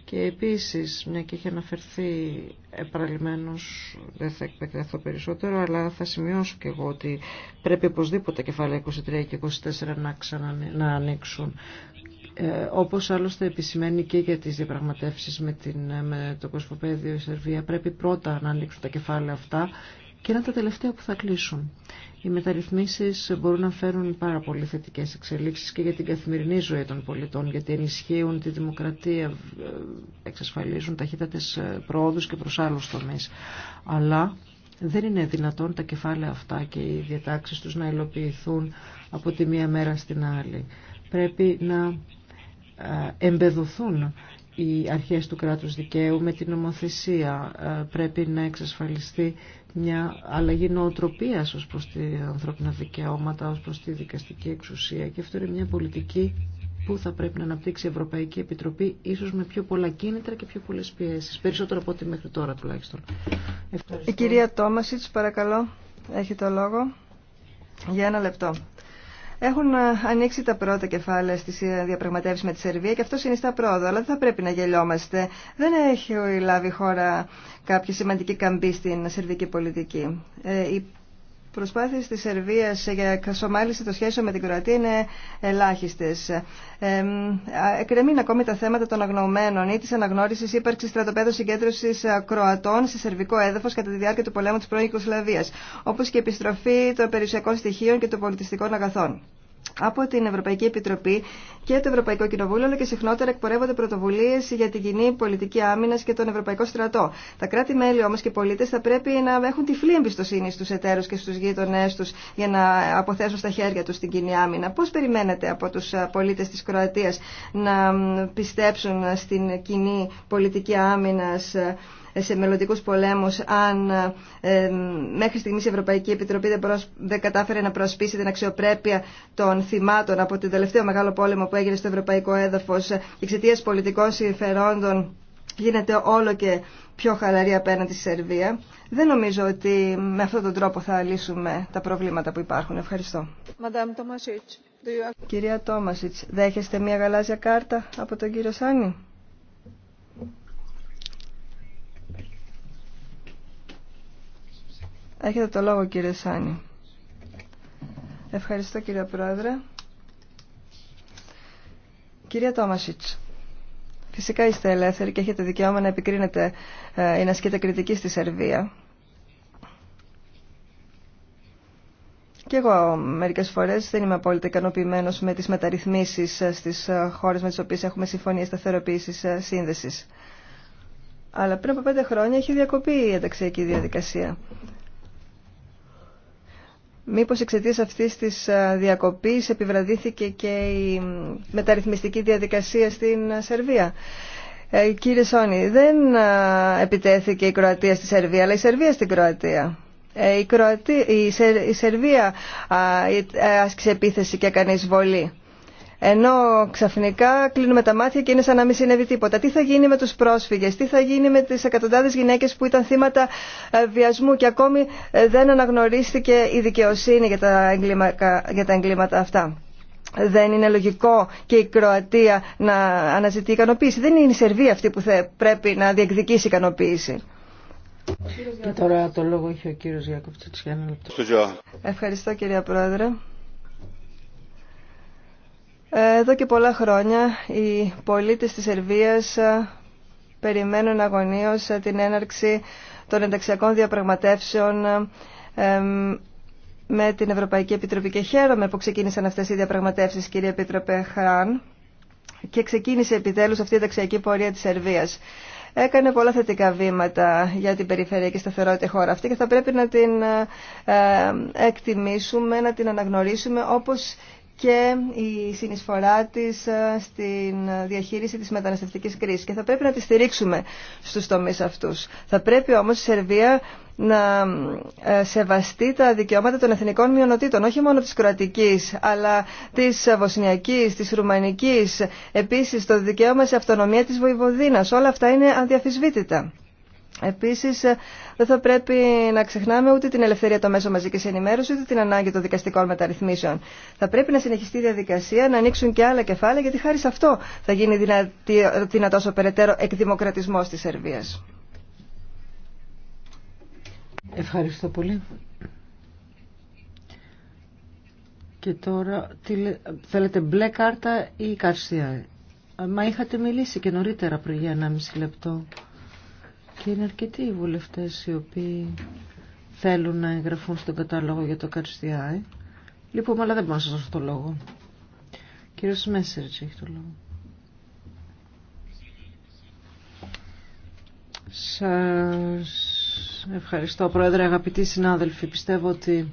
Και επίσης, μια και είχε αναφερθεί επαραλημμένως, δεν θα εκπαιδευτώ περισσότερο, αλλά θα σημειώσω και εγώ ότι πρέπει οπωσδήποτε κεφάλαια 23 και 24 να, ξανα, να ανοίξουν ε, όπως άλλωστε επισημαίνει και για τις διαπραγματεύσεις με, με το κοσμοπέδιο η Σερβία, πρέπει πρώτα να ανοίξουν τα κεφάλαια αυτά και να τα τελευταία που θα κλείσουν. Οι μεταρρυθμίσεις μπορούν να φέρουν πάρα πολύ θετικές εξελίξεις και για την καθημερινή ζωή των πολιτών, γιατί ενισχύουν τη δημοκρατία, ε, εξασφαλίζουν ταχύτατες ε, πρόοδους και προς άλλους τομείς. Αλλά δεν είναι δυνατόν τα κεφάλαια αυτά και οι διατάξεις τους να υλοποιηθούν από τη μία μέρα στην άλλη. Πρέπει να ε, εμπεδοθούν οι αρχές του κράτους δικαίου με την νομοθεσία. Ε, πρέπει να εξασφαλιστεί μια αλλαγή νοοτροπίας ως προς τα ανθρώπινα δικαιώματα, ως προς τη δικαστική εξουσία και αυτό είναι μια πολιτική που θα πρέπει να αναπτύξει η Ευρωπαϊκή Επιτροπή ίσως με πιο πολλά κίνητρα και πιο πολλές πιέσεις, περισσότερο από ό,τι μέχρι τώρα τουλάχιστον. Η ε, κυρία Τόμασιτς, παρακαλώ, έχει το λόγο για ένα λεπτό. Έχουν ε, ανοίξει τα πρώτα κεφάλαια στις ε, διαπραγματεύσεις με τη Σερβία και αυτό συνιστά πρόοδο, αλλά δεν θα πρέπει να γελιόμαστε. Δεν έχει λάβει η χώρα κάποια σημαντική καμπή στην σερβική πολιτική. Ε, προσπάθειες τη Σερβίας για σομάλιση το σχέσιο με την Κροατία είναι ελάχιστες. Ε, ακόμη τα θέματα των αγνωμένων ή της αναγνώρισης ύπαρξης στρατοπέδου συγκέντρωσης ε, Κροατών σε σερβικό έδαφος κατά τη διάρκεια του πολέμου της πρώην Οικοσλαβίας, όπως και επιστροφή των περιουσιακών στοιχείων και των πολιτιστικών αγαθών από την Ευρωπαϊκή Επιτροπή και το Ευρωπαϊκό Κοινοβούλιο, αλλά και συχνότερα εκπορεύονται πρωτοβουλίε για την κοινή πολιτική άμυνα και τον Ευρωπαϊκό στρατό. Τα κράτη-μέλη όμω και οι πολίτε θα πρέπει να έχουν τυφλή εμπιστοσύνη στου εταίρου και στου γείτονέ του για να αποθέσουν στα χέρια του την κοινή άμυνα. Πώ περιμένετε από του πολίτε τη Κροατία να πιστέψουν στην κοινή πολιτική άμυνα σε μελλοντικού πολέμου, αν ε, μέχρι στιγμή η Ευρωπαϊκή Επιτροπή δεν, κατάφερε να προσπίσει την αξιοπρέπεια των θυμάτων από τον τελευταίο μεγάλο πόλεμο που έγινε στο ευρωπαϊκό έδαφος εξαιτία πολιτικών συμφερόντων γίνεται όλο και πιο χαλαρή απέναντι στη Σερβία. Δεν νομίζω ότι με αυτόν τον τρόπο θα λύσουμε τα προβλήματα που υπάρχουν. Ευχαριστώ. Κυρία Τόμασιτς, δέχεστε μια γαλάζια κάρτα από τον κύριο Σάνι. Έχετε το λόγο κύριε Σάνι. Ευχαριστώ κύριε Πρόεδρε. Κυρία Τόμασιτς, φυσικά είστε ελεύθεροι και έχετε δικαίωμα να επικρίνετε ε, ή να ασκείτε κριτική στη Σερβία. Και εγώ μερικές φορές δεν είμαι απόλυτα ικανοποιημένο με τις μεταρρυθμίσεις ε, στις ε, χώρες με τις οποίες έχουμε συμφωνίες σταθεροποίησης σύνδεσης. Αλλά πριν από πέντε χρόνια έχει διακοπεί η ενταξιακή διαδικασία. Μήπως εξαιτίας αυτής της διακοπής επιβραδύθηκε και η μεταρρυθμιστική διαδικασία στην Σερβία. Ε, κύριε Σόνι, δεν επιτέθηκε η Κροατία στη Σερβία, αλλά η Σερβία στην Κροατία. Ε, η, Κροατία η, η Σερβία ε, άσκησε επίθεση και έκανε εισβολή. Ενώ ξαφνικά κλείνουμε τα μάτια και είναι σαν να μην συνέβη τίποτα. Τι θα γίνει με τους πρόσφυγες, τι θα γίνει με τις εκατοντάδες γυναίκες που ήταν θύματα ε, βιασμού και ακόμη ε, δεν αναγνωρίστηκε η δικαιοσύνη για τα εγκλήματα, για τα εγκλήματα αυτά. Δεν είναι λογικό και η Κροατία να αναζητεί ικανοποίηση. Δεν είναι η Σερβία αυτή που θα πρέπει να διεκδικήσει ικανοποίηση. Και Ευχαριστώ κυρία Πρόεδρε. Εδώ και πολλά χρόνια οι πολίτες της Σερβίας ε, περιμένουν αγωνίως ε, την έναρξη των ενταξιακών διαπραγματεύσεων ε, με την Ευρωπαϊκή Επιτροπή και χαίρομαι που ξεκίνησαν αυτές οι διαπραγματεύσεις κυρία Επίτροπε Χράν και ξεκίνησε επιτέλους αυτή η ενταξιακή πορεία της Σερβίας. Έκανε πολλά θετικά βήματα για την περιφερειακή σταθερότητα χώρα αυτή και θα πρέπει να την εκτιμήσουμε, να την αναγνωρίσουμε όπως και η συνεισφορά της ε, στην διαχείριση της μεταναστευτικής κρίσης και θα πρέπει να τη στηρίξουμε στους τομείς αυτούς. Θα πρέπει όμως η Σερβία να ε, σεβαστεί τα δικαιώματα των εθνικών μειονοτήτων, όχι μόνο της Κροατικής, αλλά της Βοσνιακής, της Ρουμανικής, επίσης το δικαίωμα σε αυτονομία της Βοηβοδίνας. Όλα αυτά είναι αδιαφυσβήτητα. Επίσης, ε, δεν θα πρέπει να ξεχνάμε ούτε την ελευθερία των μέσων μαζικής ενημέρωσης, ούτε την ανάγκη των δικαστικών μεταρρυθμίσεων. Θα πρέπει να συνεχιστεί η διαδικασία, να ανοίξουν και άλλα κεφάλαια, γιατί χάρη σε αυτό θα γίνει δυνατό δυνατός ο περαιτέρω εκδημοκρατισμός της Σερβίας. Ευχαριστώ πολύ. Και τώρα, θέλετε μπλε κάρτα ή καρσία. Ε, μα είχατε μιλήσει και νωρίτερα πριν για 1,5 λεπτό είναι αρκετοί οι βουλευτές οι οποίοι θέλουν να εγγραφούν στον κατάλογο για το Καριστιάι. λοιπόν αλλά δεν μπορώ να σας δώσω το λόγο. Κύριος έχει το λόγο. Σας ευχαριστώ, Πρόεδρε, αγαπητοί συνάδελφοι. Πιστεύω ότι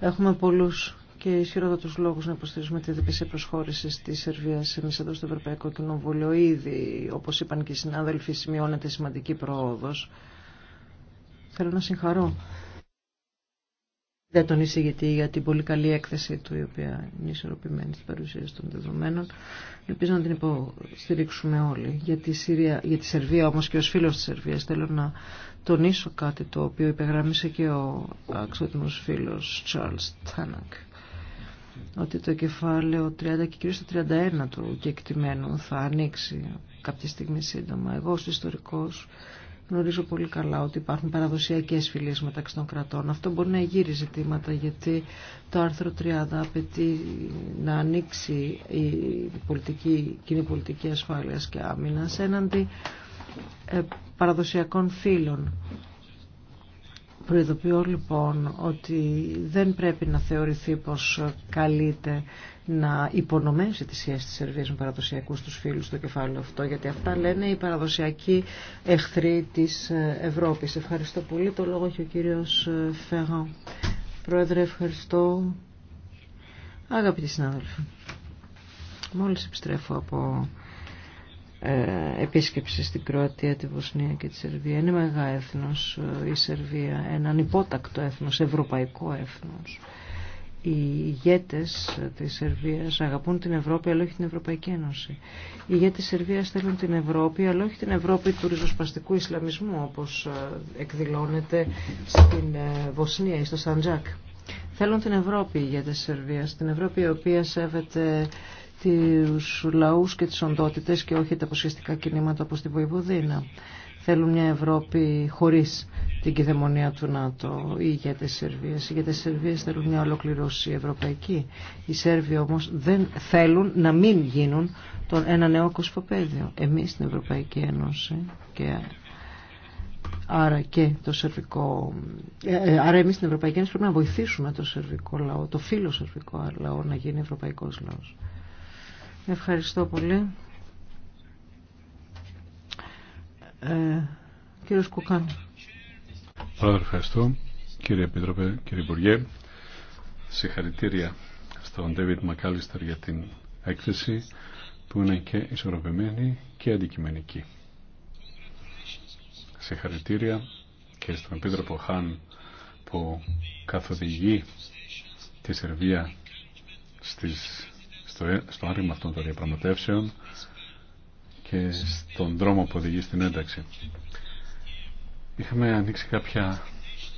έχουμε πολλούς και ισχυρότατου λόγου να υποστηρίζουμε τη διπλή προσχώρηση τη Σερβία. Εμεί εδώ στο Ευρωπαϊκό Κοινοβούλιο ήδη, όπω είπαν και οι συνάδελφοι, σημειώνεται σημαντική πρόοδο. Θέλω να συγχαρώ δεν τον εισηγητή για την πολύ καλή έκθεση του, η οποία είναι ισορροπημένη στην παρουσίαση των δεδομένων. Ελπίζω να την υποστηρίξουμε όλοι. Για τη, Συρία, για τη Σερβία όμως και ω φίλο τη Σερβίας θέλω να τονίσω κάτι το οποίο υπεγράμμισε και ο αξιότιμος φίλος Charles Τάνακ ότι το κεφάλαιο 30 και κυρίως το 31 του κεκτημένου θα ανοίξει κάποια στιγμή σύντομα. Εγώ ως ιστορικός γνωρίζω πολύ καλά ότι υπάρχουν παραδοσιακές φιλίες μεταξύ των κρατών. Αυτό μπορεί να γύρει ζητήματα γιατί το άρθρο 30 απαιτεί να ανοίξει η πολιτική, κοινή πολιτική ασφάλειας και άμυνας έναντι ε, παραδοσιακών φίλων Προειδοποιώ λοιπόν ότι δεν πρέπει να θεωρηθεί πως καλείται να υπονομεύσει τη σχέση της Σερβίας με παραδοσιακούς τους φίλους στο κεφάλαιο αυτό, γιατί αυτά λένε οι παραδοσιακοί εχθροί της Ευρώπης. Ευχαριστώ πολύ. Το λόγο έχει ο κύριος Φέγα. Πρόεδρε, ευχαριστώ. Αγαπητοί συνάδελφοι, μόλις επιστρέφω από ε, επίσκεψη στην Κροατία, τη Βοσνία και τη Σερβία. Είναι μεγάλο έθνος ε, η Σερβία, Έναν υπότακτο έθνος, ευρωπαϊκό έθνος. Οι ηγέτες της Σερβίας αγαπούν την Ευρώπη αλλά όχι την Ευρωπαϊκή Ένωση. Οι ηγέτες της Σερβίας θέλουν την Ευρώπη αλλά όχι την Ευρώπη του ριζοσπαστικού Ισλαμισμού όπως ε, εκδηλώνεται στην Βοσνία ή στο Σαντζάκ. Θέλουν την Ευρώπη οι ηγέτες της Σερβίας, την Ευρώπη η οποία σέβεται τους λαούς και τις οντότητες και όχι τα αποσχεστικά κινήματα όπως τη Βοηβοδίνα. Θέλουν μια Ευρώπη χωρίς την κυδαιμονία του ΝΑΤΟ, ή για ηγέτες Σερβίας. Οι ηγέτες Σερβίας θέλουν μια ολοκληρώση ευρωπαϊκή. Οι Σέρβοι όμως δεν θέλουν να μην γίνουν τον, ένα νέο κοσποπαίδιο. Εμείς στην Ευρωπαϊκή Ένωση και Άρα και το σερβικό... Ε, ε, άρα εμείς στην Ευρωπαϊκή Ένωση πρέπει να βοηθήσουμε το σερβικό λαό, το φίλο σερβικό λαό να γίνει Ευρωπαϊκό Λαό. Ευχαριστώ πολύ. Ε, κύριος Κουκάν. Πρόεδρε, ευχαριστώ. Κύριε Επίτροπε, κύριε Υπουργέ, συγχαρητήρια στον Ντέβιτ Μακάλιστερ για την έκθεση που είναι και ισορροπημένη και αντικειμενική. Συγχαρητήρια και στον Επίτροπο Χάν που καθοδηγεί τη Σερβία στις στο, στο αυτών των διαπραγματεύσεων και στον δρόμο που οδηγεί στην ένταξη. Είχαμε ανοίξει κάποια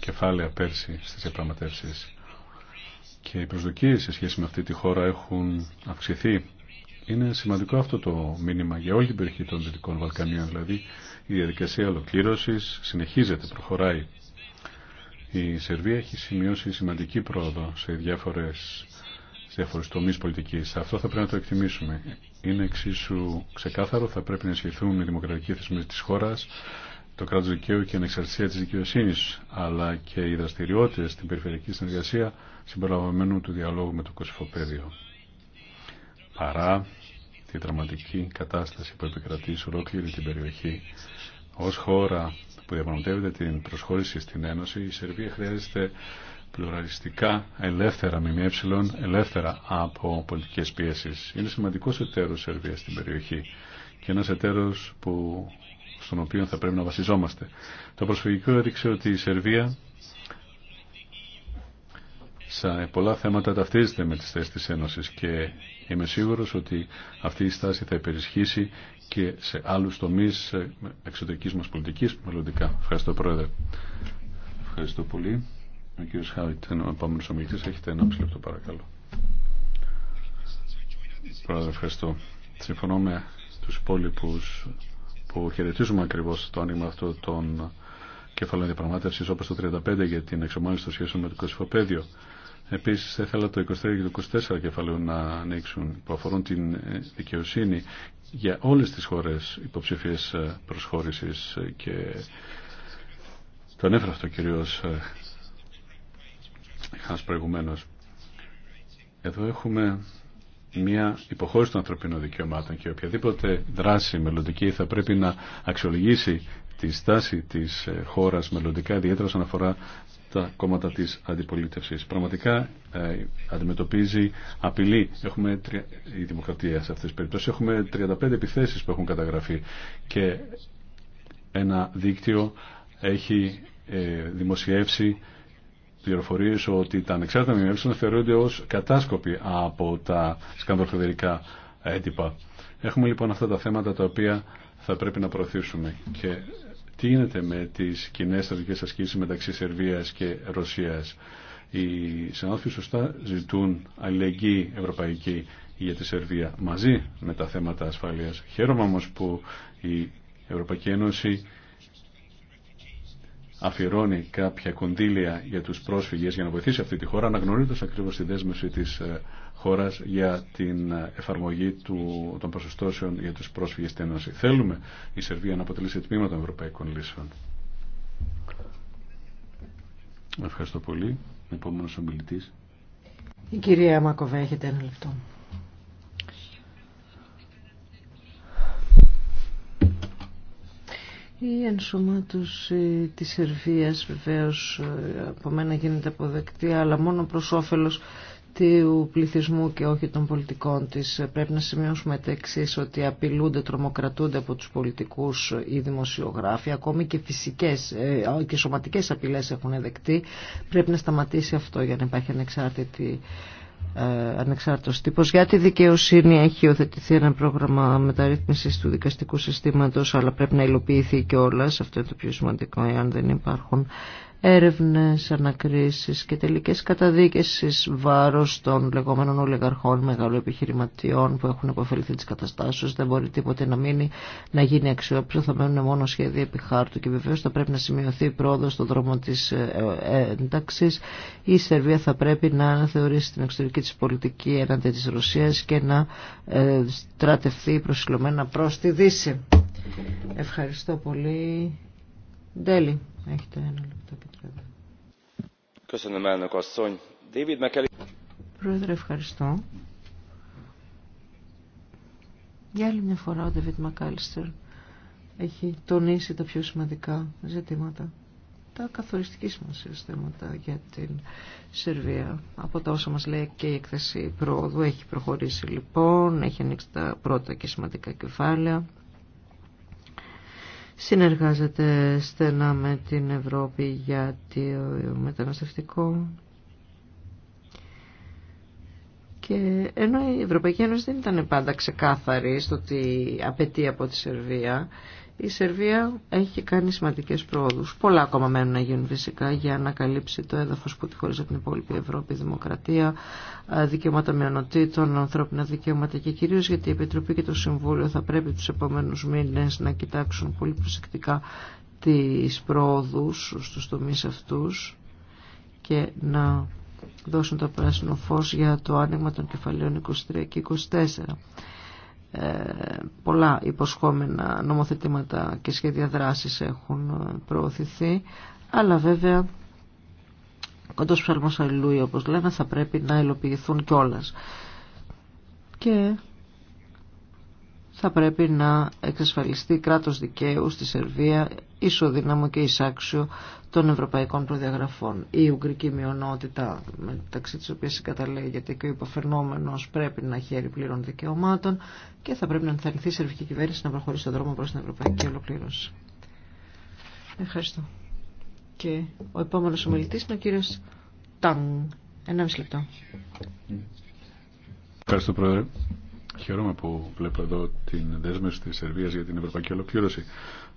κεφάλαια πέρσι στις διαπραγματεύσει και οι προσδοκίες σε σχέση με αυτή τη χώρα έχουν αυξηθεί. Είναι σημαντικό αυτό το μήνυμα για όλη την περιοχή των Δυτικών Βαλκανίων, δηλαδή η διαδικασία ολοκλήρωση συνεχίζεται, προχωράει. Η Σερβία έχει σημειώσει σημαντική πρόοδο σε διάφορες διάφορου τομεί πολιτική. Αυτό θα πρέπει να το εκτιμήσουμε. Είναι εξίσου ξεκάθαρο, θα πρέπει να ισχυθούν οι δημοκρατικοί θεσμοί τη χώρα, το κράτο δικαίου και η ανεξαρτησία τη δικαιοσύνη, αλλά και οι δραστηριότητε στην περιφερειακή συνεργασία συμπεριλαμβανομένου του διαλόγου με το κοσυφοπαίδιο. Παρά τη δραματική κατάσταση που επικρατεί σε ολόκληρη την περιοχή, ω χώρα που διαπραγματεύεται την προσχώρηση στην Ένωση, η Σερβία χρειάζεται πλουραλιστικά, ελεύθερα ψηλόν, ελεύθερα από πολιτικές πιέσεις. Είναι σημαντικός εταίρος Σερβία στην περιοχή και ένας εταίρος που, στον οποίο θα πρέπει να βασιζόμαστε. Το προσφυγικό έδειξε ότι η Σερβία σε πολλά θέματα ταυτίζεται με τις θέσεις της Ένωσης και είμαι σίγουρος ότι αυτή η στάση θα υπερισχύσει και σε άλλους τομείς εξωτερικής μας πολιτικής μελλοντικά. Ευχαριστώ Πρόεδρε. Ευχαριστώ πολύ. Ο κύριο Χάουιτ, ο επόμενο ομιλητή, έχετε ένα μισή λεπτό παρακαλώ. Πρόεδρε, ευχαριστώ. Συμφωνώ με του υπόλοιπου που χαιρετίζουμε ακριβώ το άνοιγμα αυτό των κεφαλαίων διαπραγμάτευση όπω το 35 για την εξομάλυνση των σχέσεων με το κοσυφοπαίδιο. Επίση, θα ήθελα το 23 και το 24 κεφαλαίο να ανοίξουν που αφορούν την δικαιοσύνη για όλε τι χώρε υποψηφίε προσχώρηση και το ανέφερα αυτό κυρίω Χάς προηγουμένως. Εδώ έχουμε μια υποχώρηση των ανθρωπίνων δικαιωμάτων και οποιαδήποτε δράση μελλοντική θα πρέπει να αξιολογήσει τη στάση της ε, χώρας μελλοντικά, ιδιαίτερα όσον αφορά τα κόμματα της αντιπολίτευσης. Πραγματικά ε, αντιμετωπίζει απειλή έχουμε, η δημοκρατία σε αυτές τις περιπτώσεις. Έχουμε 35 επιθέσεις που έχουν καταγραφεί και ένα δίκτυο έχει ε, δημοσιεύσει πληροφορίε ότι τα ανεξάρτητα να θεωρούνται ως κατάσκοποι από τα σκανδαλοφεδερικά έντυπα. Έχουμε λοιπόν αυτά τα θέματα τα οποία θα πρέπει να προωθήσουμε. Και τι γίνεται με τις κοινέ στρατηγικέ ασκήσεις μεταξύ Σερβίας και Ρωσίας. Οι συνάδελφοι σωστά ζητούν αλληλεγγύη ευρωπαϊκή για τη Σερβία μαζί με τα θέματα ασφαλεία, Χαίρομαι όμω που η Ευρωπαϊκή Ένωση αφιερώνει κάποια κονδύλια για τους πρόσφυγες για να βοηθήσει αυτή τη χώρα αναγνωρίζοντας ακριβώς τη δέσμευση της ε, χώρας για την ε, εφαρμογή του, των ποσοστώσεων για τους πρόσφυγες στην Ένωση. Θέλουμε η Σερβία να σε τμήμα των ευρωπαϊκών λύσεων. Ευχαριστώ πολύ. Επόμενος ομιλητής. Η κυρία Μακοβέ, έχετε ένα λεπτό. Η ενσωμάτωση της Σερβίας βεβαίως ε, από μένα γίνεται αποδεκτή αλλά μόνο προς όφελος του πληθυσμού και όχι των πολιτικών της. Πρέπει να σημειώσουμε τα εξή ότι απειλούνται, τρομοκρατούνται από τους πολιτικούς οι δημοσιογράφοι, ακόμη και φυσικές ε, και σωματικές απειλές έχουν δεκτεί. Πρέπει να σταματήσει αυτό για να υπάρχει ανεξάρτητη ε, ανεξάρτητος τύπος. Για τη δικαιοσύνη έχει υιοθετηθεί ένα πρόγραμμα μεταρρύθμισης του δικαστικού συστήματος αλλά πρέπει να υλοποιηθεί και όλα. Αυτό είναι το πιο σημαντικό εάν δεν υπάρχουν έρευνες, ανακρίσεις και τελικές καταδίκες εις βάρος των λεγόμενων ολιγαρχών επιχειρηματιών που έχουν αποφελθεί τις καταστάσεις. Δεν μπορεί τίποτε να μείνει, να γίνει αξιόπιστο, θα μένουν μόνο σχέδια επιχάρτου και βεβαίως θα πρέπει να σημειωθεί η πρόοδος στον δρόμο της ε, ε, ένταξης. Η Σερβία θα πρέπει να αναθεωρήσει την εξωτερική της πολιτική έναντι της Ρωσίας και να ε, στράτευθεί προσυλλομένα προς τη Δύση. Ευχαριστώ πολύ. Ντέλη. Έχετε ένα Πρόεδρε, ευχαριστώ. Για άλλη μια φορά ο Ντεβιτ Μακάλιστερ έχει τονίσει τα πιο σημαντικά ζητήματα, τα καθοριστική σημασία θέματα για την Σερβία. Από τα όσα μας λέει και η έκθεση πρόοδου έχει προχωρήσει λοιπόν, έχει ανοίξει τα πρώτα και σημαντικά κεφάλαια συνεργάζεται στενά με την Ευρώπη για το μεταναστευτικό και ενώ η Ευρωπαϊκή Ένωση δεν ήταν πάντα ξεκάθαρη στο ότι απαιτεί από τη Σερβία η Σερβία έχει κάνει σημαντικές πρόοδους. Πολλά ακόμα μένουν να γίνουν φυσικά για να καλύψει το έδαφος που τη χωρίζει από την υπόλοιπη Ευρώπη, δημοκρατία, ε, δικαιώματα μειονοτήτων, ανθρώπινα δικαιώματα και κυρίως γιατί η Επιτροπή και το Συμβούλιο θα πρέπει τους επόμενους μήνες να κοιτάξουν πολύ προσεκτικά τις πρόοδους στους τομείς αυτούς και να δώσουν το πράσινο φως για το άνοιγμα των κεφαλαίων 23 και 24. Ε, πολλά υποσχόμενα νομοθετήματα και σχέδια δράσης έχουν ε, προωθηθεί αλλά βέβαια κοντός ψαλμός αλληλούι όπως λένε θα πρέπει να υλοποιηθούν κιόλας και θα πρέπει να εξασφαλιστεί κράτος δικαίου στη Σερβία ισοδύναμο και εισάξιο των ευρωπαϊκών προδιαγραφών. Η ουγγρική μειονότητα μεταξύ της οποίας συγκαταλέγεται και ο υποφαινόμενος πρέπει να χαίρει πλήρων δικαιωμάτων και θα πρέπει να ενθαρρυνθεί η σερβική κυβέρνηση να προχωρήσει στον δρόμο προς την ευρωπαϊκή ολοκλήρωση. Ευχαριστώ. Και ο επόμενος ομιλητής είναι ο κύριος Τάν. Ένα μισή λεπτό. Ευχαριστώ πρόεδρε. Χαίρομαι που βλέπω εδώ την δέσμευση της Σερβία για την Ευρωπαϊκή Ολοκλήρωση.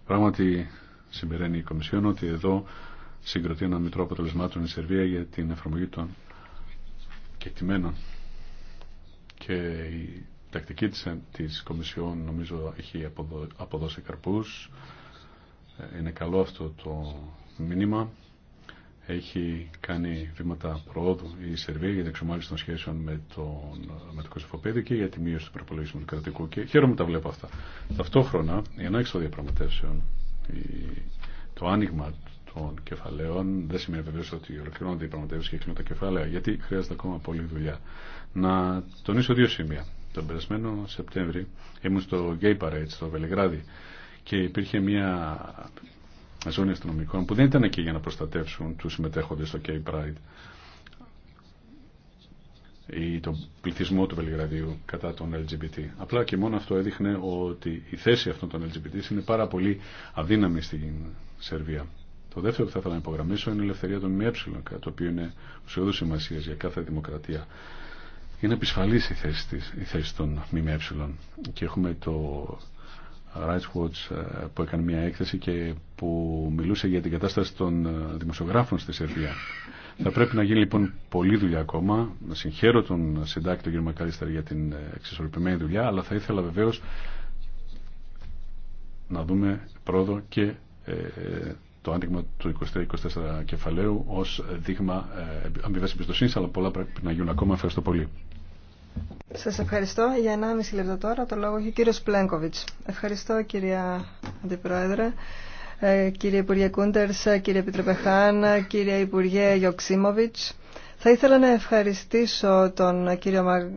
Πράγματι συμπεραίνει η Κομισιόν ότι εδώ συγκροτεί ένα μητρό αποτελεσμάτων η Σερβία για την εφαρμογή των κεκτημένων. Και η τακτική της, της Κομισιόν νομίζω έχει αποδώσει καρπούς. Ε, είναι καλό αυτό το μήνυμα έχει κάνει βήματα προόδου η Σερβία για την εξομάλυνση των σχέσεων με, τον, με το Κωσοφοπέδιο και για τη μείωση του προπολογισμού του κρατικού και χαίρομαι τα βλέπω αυτά. Ταυτόχρονα η ανάγκη των διαπραγματεύσεων, το άνοιγμα των κεφαλαίων δεν σημαίνει βεβαίω ότι ολοκληρώνονται οι διαπραγματεύσει και κλείνουν τα κεφάλαια γιατί χρειάζεται ακόμα πολλή δουλειά. Να τονίσω δύο σημεία. Τον περασμένο Σεπτέμβρη ήμουν στο Gay Parade στο Βελιγράδι και υπήρχε μια ζώνη αστυνομικών που δεν ήταν εκεί για να προστατεύσουν τους συμμετέχοντες στο K Pride ή τον πληθυσμό του Βελιγραδίου κατά τον LGBT. Απλά και μόνο αυτό έδειχνε ότι η θέση αυτών των LGBT είναι πάρα πολύ αδύναμη στην Σερβία. Το δεύτερο που θα ήθελα να υπογραμμίσω είναι η ελευθερία των ΜΕ, το οποίο είναι ουσιοδού σημασία για κάθε δημοκρατία. Είναι επισφαλή η θέση, της, η θέση των ΜΜΕ και έχουμε το Rights ε, που έκανε μια έκθεση και που μιλούσε για την κατάσταση των ε, δημοσιογράφων στη Σερβία. Θα πρέπει να γίνει λοιπόν πολλή δουλειά ακόμα. να Συγχαίρω τον συντάκτη τον κ. Μακαρίστερ για την ε, εξισορροπημένη δουλειά, αλλά θα ήθελα βεβαίω να δούμε πρόοδο και το άνοιγμα του 23-24 κεφαλαίου ως δείγμα ε, αμοιβές αλλά πολλά πρέπει να γίνουν ακόμα. Ευχαριστώ πολύ. Σας ευχαριστώ. Για 1,5 λεπτό τώρα το λόγο έχει ο κύριος Πλένκοβιτς. Ευχαριστώ κυρία Αντιπρόεδρε, ε, κύριε Υπουργέ Κούντερ, κύριε Πιτροπεχάνα, κύριε Υπουργέ Γιοξίμοβιτς. Θα ήθελα να ευχαριστήσω τον κύριο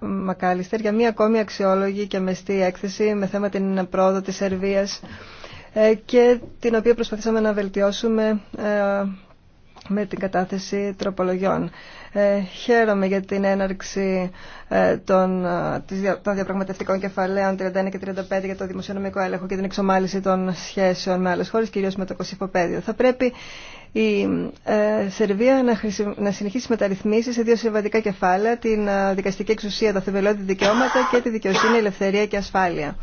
Μακάλιστερ για μία ακόμη αξιόλογη και μεστή έκθεση με θέμα την πρόοδο της Σερβίας ε, και την οποία προσπαθήσαμε να βελτιώσουμε ε, με την κατάθεση τροπολογιών. Ε, χαίρομαι για την έναρξη ε, των, ε, των διαπραγματευτικών κεφαλαίων 31 και 35 για το δημοσιονομικό έλεγχο και την εξομάλυση των σχέσεων με άλλες χώρες, κυρίως με το κοσυφοπαίδιο. Θα πρέπει η ε, Σερβία να, χρησι... να συνεχίσει μεταρρυθμίσει σε δύο συμβατικά κεφάλαια, την ε, δικαστική εξουσία, τα θεμελιώδη δικαιώματα και τη δικαιοσύνη, ελευθερία και ασφάλεια.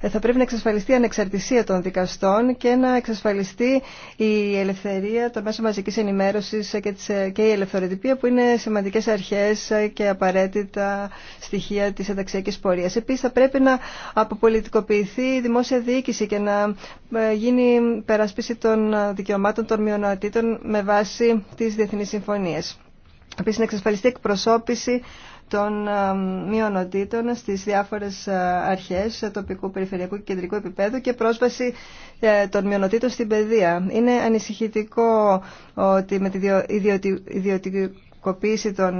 Ε, θα πρέπει να εξασφαλιστεί η ανεξαρτησία των δικαστών και να εξασφαλιστεί η ελευθερία των μέσων μαζικής ενημέρωσης και η ελευθεροτυπία που είναι σημαντικές αρχές και απαραίτητα στοιχεία της ενταξιακής πορείας. Επίσης θα πρέπει να αποπολιτικοποιηθεί η δημόσια διοίκηση και να ε, γίνει περασπίση των δικαιωμάτων των μειονοτήτων με βάση τις διεθνείς συμφωνίες. Επίσης να εξασφαλιστεί εκπροσώπηση των ε, μειονοτήτων στις διάφορες ε, αρχές τοπικού, περιφερειακού και κεντρικού επίπεδου και πρόσβαση ε, των μειονοτήτων στην παιδεία. Είναι ανησυχητικό ότι με τη ιδιωτικοποίηση των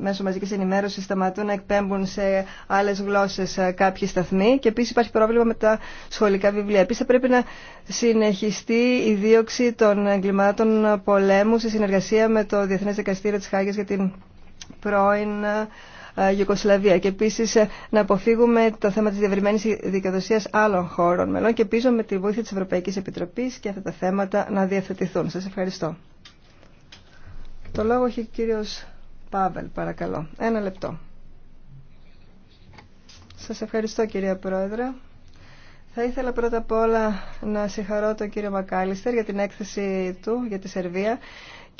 μέσων μαζικής ενημέρωσης σταματούν να εκπέμπουν σε άλλες γλώσσες κάποιοι σταθμοί και επίσης υπάρχει πρόβλημα με τα σχολικά βιβλία. Επίσης θα πρέπει να συνεχιστεί η δίωξη των εγκλημάτων πολέμου σε συνεργασία με το Διεθνέ Δικαστήριο τη Χάγης για την πρώην ε, Ιουκοσλαβία και επίση ε, να αποφύγουμε το θέμα τη διαβριμένη δικαιοδοσία άλλων χώρων μελών και πίσω με τη βοήθεια τη Ευρωπαϊκή Επιτροπή και αυτά τα θέματα να διαθετηθούν. Σα ευχαριστώ. Το λόγο έχει ο κύριο Πάβελ, παρακαλώ. Ένα λεπτό. Σα ευχαριστώ κυρία Πρόεδρε. Θα ήθελα πρώτα απ' όλα να συγχαρώ τον κύριο Μακάλιστερ για την έκθεση του για τη Σερβία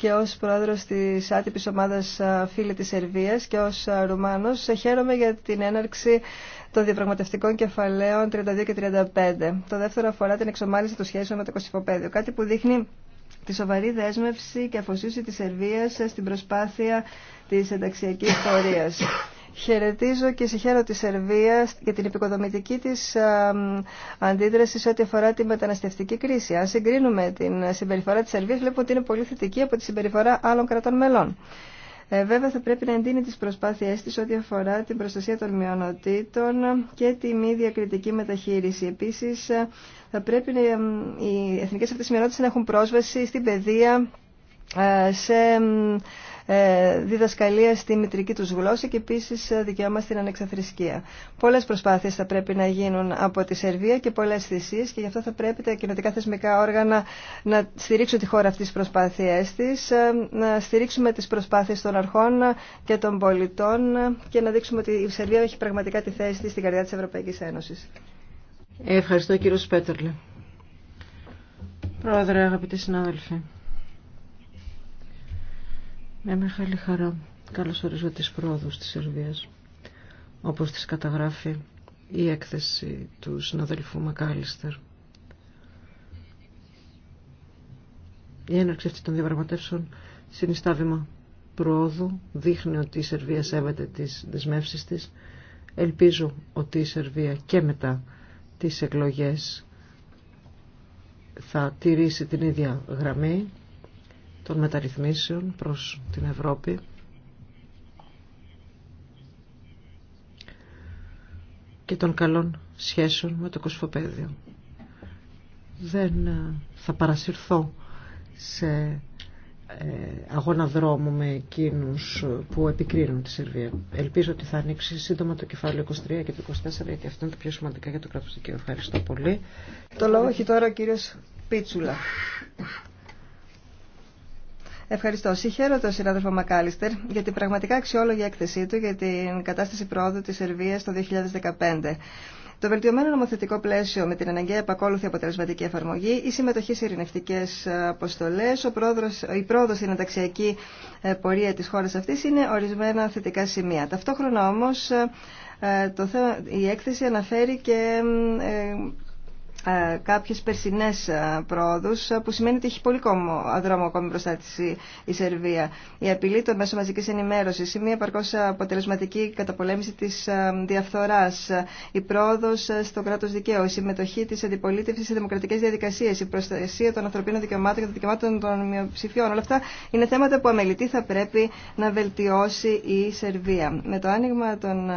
και ως πρόεδρος της άτυπης ομάδας Φίλη της Σερβίας και ως Ρουμάνος χαίρομαι για την έναρξη των διαπραγματευτικών κεφαλαίων 32 και 35. Το δεύτερο αφορά την εξομάλυση των σχέσεων με το Κωσυφοπαίδιο, κάτι που δείχνει τη σοβαρή δέσμευση και αφοσίωση της Σερβίας στην προσπάθεια της ενταξιακής πορείας. Χαιρετίζω και συγχαίρω τη Σερβία για την επικοδομητική της ε, αντίδραση σε ό,τι αφορά τη μεταναστευτική κρίση. Αν συγκρίνουμε την συμπεριφορά της Σερβίας, βλέπω ότι είναι πολύ θετική από τη συμπεριφορά άλλων κρατών μελών. Ε, βέβαια θα πρέπει να εντείνει τις προσπάθειές της ό,τι αφορά την προστασία των μειονοτήτων και τη μη διακριτική μεταχείριση. Επίσης ε, θα πρέπει ε, οι εθνικές αυτές μειονότητε μειονότητες να έχουν πρόσβαση στην παιδεία, σε ε, διδασκαλία στη μητρική τους γλώσσα και επίσης ε, δικαίωμα στην ανεξαθρησκεία. Πολλές προσπάθειες θα πρέπει να γίνουν από τη Σερβία και πολλές θυσίες και γι' αυτό θα πρέπει τα κοινοτικά θεσμικά όργανα να στηρίξουν τη χώρα αυτή τις προσπάθειές της, ε, να στηρίξουμε τις προσπάθειες των αρχών και των πολιτών και να δείξουμε ότι η Σερβία έχει πραγματικά τη θέση της στην καρδιά της Ευρωπαϊκής Ένωσης. Ευχαριστώ κύριο Σπέτερλε. Πρόεδρε, αγαπητοί συνάδελφοι. Με μεγάλη χαρά καλώς ορίζω τις πρόοδους της Σερβίας όπως τις καταγράφει η έκθεση του συναδελφού Μακάλιστερ. Η έναρξη αυτή των διαπραγματεύσεων συνιστά βήμα προόδου, δείχνει ότι η Σερβία σέβεται τις δεσμεύσεις της. Ελπίζω ότι η Σερβία και μετά τις εκλογές θα τηρήσει την ίδια γραμμή των μεταρρυθμίσεων προς την Ευρώπη. και των καλών σχέσεων με το κοσφοπέδιο. Δεν ε, θα παρασυρθώ σε ε, αγώνα δρόμου με εκείνους που επικρίνουν τη Σερβία. Ελπίζω ότι θα ανοίξει σύντομα το κεφάλαιο 23 και το 24 γιατί αυτό είναι το πιο σημαντικά για το κράτος δικαίου. Ευχαριστώ πολύ. Το λόγο έχει τώρα ο κύριος Πίτσουλα. Ευχαριστώ. Συγχαίρω τον συνάδελφο Μακάλιστερ για την πραγματικά αξιόλογη έκθεσή του για την κατάσταση πρόοδου της Σερβίας το 2015. Το βελτιωμένο νομοθετικό πλαίσιο με την αναγκαία επακόλουθη αποτελεσματική εφαρμογή, η συμμετοχή σε ειρηνευτικέ αποστολέ, η πρόοδο στην ενταξιακή ε, πορεία τη χώρα αυτή είναι ορισμένα θετικά σημεία. Ταυτόχρονα όμω ε, ε, η έκθεση αναφέρει και ε, κάποιες περσινές ε, πρόοδους ε, που σημαίνει ότι έχει πολύ δρόμο ακόμη μπροστά της η Σερβία. Η απειλή των μέσων μαζικής ενημέρωσης, η μία παρκώς αποτελεσματική καταπολέμηση της διαφθοράς, η πρόοδος στο κράτος δικαίου, η συμμετοχή της αντιπολίτευσης σε δημοκρατικές διαδικασίες, η προστασία των ανθρωπίνων δικαιωμάτων και των δικαιωμάτων των μειοψηφιών. Όλα αυτά είναι θέματα που αμελητή θα πρέπει να βελτιώσει η Σερβία. Με το άνοιγμα των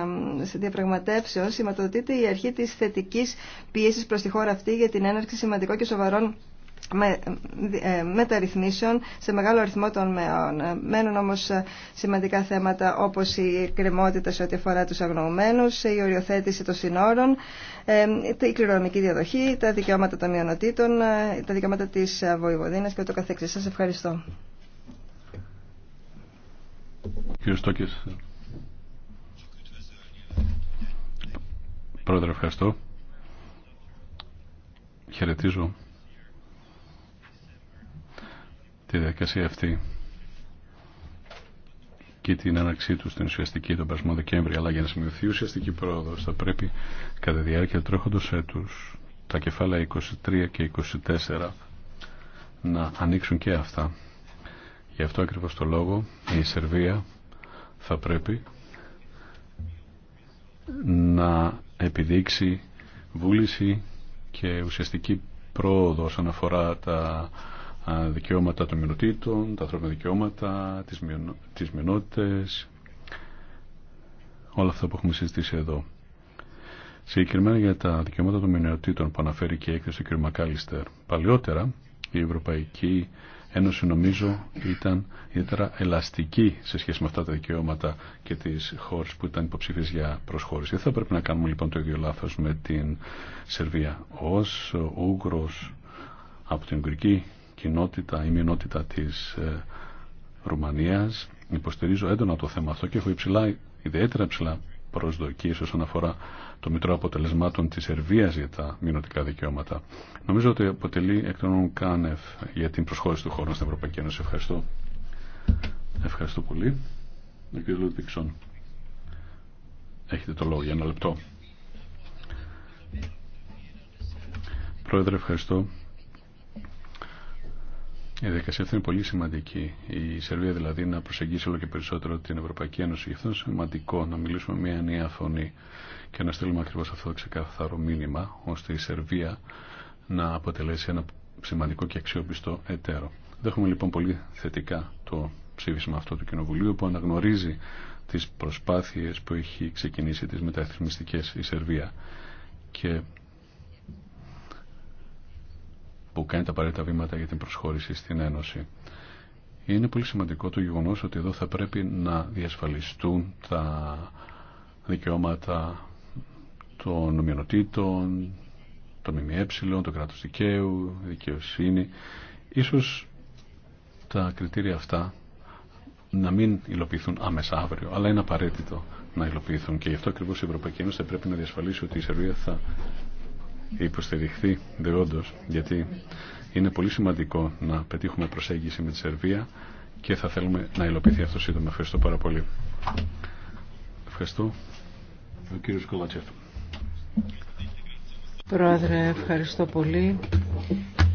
διαπραγματεύσεων σηματοδοτείται η αρχή της θετικής πίεσης προς τη χώρα αυτή για την έναρξη σημαντικών και σοβαρών με, ε, μεταρρυθμίσεων σε μεγάλο αριθμό των μεών. Ε, μένουν όμως ε, σημαντικά θέματα όπως η κρεμότητα σε ό,τι αφορά τους αγνοωμένους, η οριοθέτηση των συνόρων, η κληρονομική διαδοχή, τα δικαιώματα των μειονοτήτων, τα δικαιώματα της βοηβοδίνας και το καθεξής. Σας ευχαριστώ. Κύριε Στόκης. Πρόεδρε, ευχαριστώ χαιρετίζω τη διαδικασία αυτή και την έναρξή του στην ουσιαστική τον περασμό Δεκέμβρη. Αλλά για να σημειωθεί ουσιαστική πρόοδο, θα πρέπει κατά τη διάρκεια του τρέχοντο τα κεφάλαια 23 και 24 να ανοίξουν και αυτά. Γι' αυτό ακριβώς το λόγο η Σερβία θα πρέπει να επιδείξει βούληση και ουσιαστική πρόοδο όσον αφορά τα δικαιώματα των μειονοτήτων, τα ανθρώπινα δικαιώματα, τις μειονότητες, όλα αυτά που έχουμε συζητήσει εδώ. Συγκεκριμένα για τα δικαιώματα των μειονοτήτων που αναφέρει και η έκθεση του κ. Μακάλιστερ. Παλιότερα η Ευρωπαϊκή Ένωση νομίζω ήταν ιδιαίτερα ελαστική σε σχέση με αυτά τα δικαιώματα και τις χώρες που ήταν υποψήφιες για προσχώρηση. Δεν θα πρέπει να κάνουμε λοιπόν το ίδιο λάθος με την Σερβία. Ως Ούγκρος από την Ουγγρική κοινότητα ή μειονότητα της ε, Ρουμανίας υποστηρίζω έντονα το θέμα αυτό και έχω υψηλά, ιδιαίτερα υψηλά προσδοκίες όσον αφορά το Μητρό Αποτελεσμάτων της Σερβίας για τα μηνωτικά δικαιώματα. Νομίζω ότι αποτελεί εκ των ΚΑΝΕΦ για την προσχώρηση του χώρου στην Ευρωπαϊκή Ένωση. Ευχαριστώ. Ευχαριστώ πολύ. Ο κ. Λουδίξον. Έχετε το λόγο για ένα λεπτό. Πρόεδρε, ευχαριστώ. Η διαδικασία αυτή είναι πολύ σημαντική. Η Σερβία δηλαδή να προσεγγίσει όλο και περισσότερο την Ευρωπαϊκή Ένωση. Γι' αυτό είναι σημαντικό να μιλήσουμε μια νέα φωνή και να στείλουμε ακριβώ αυτό το ξεκάθαρο μήνυμα, ώστε η Σερβία να αποτελέσει ένα σημαντικό και αξιόπιστο εταίρο. Δέχομαι λοιπόν πολύ θετικά το ψήφισμα αυτό του Κοινοβουλίου που αναγνωρίζει τι προσπάθειε που έχει ξεκινήσει τι μεταρρυθμιστικέ η Σερβία και που κάνει τα απαραίτητα βήματα για την προσχώρηση στην Ένωση. Είναι πολύ σημαντικό το γεγονός ότι εδώ θα πρέπει να διασφαλιστούν τα δικαιώματα των ομοιονοτήτων, των ΜΜΕ, το κράτος δικαίου, δικαιοσύνη. Ίσως τα κριτήρια αυτά να μην υλοποιηθούν άμεσα αύριο, αλλά είναι απαραίτητο να υλοποιηθούν. Και γι' αυτό ακριβώ η Ευρωπαϊκή Ένωση θα πρέπει να διασφαλίσει ότι η Σερβία θα υποστηριχθεί δεόντως γιατί είναι πολύ σημαντικό να πετύχουμε προσέγγιση με τη Σερβία και θα θέλουμε να υλοποιηθεί αυτό σύντομα. Ευχαριστώ πάρα πολύ. Ευχαριστώ. Ο κύριος Κολατσέφ. Πρόεδρε, ευχαριστώ πολύ.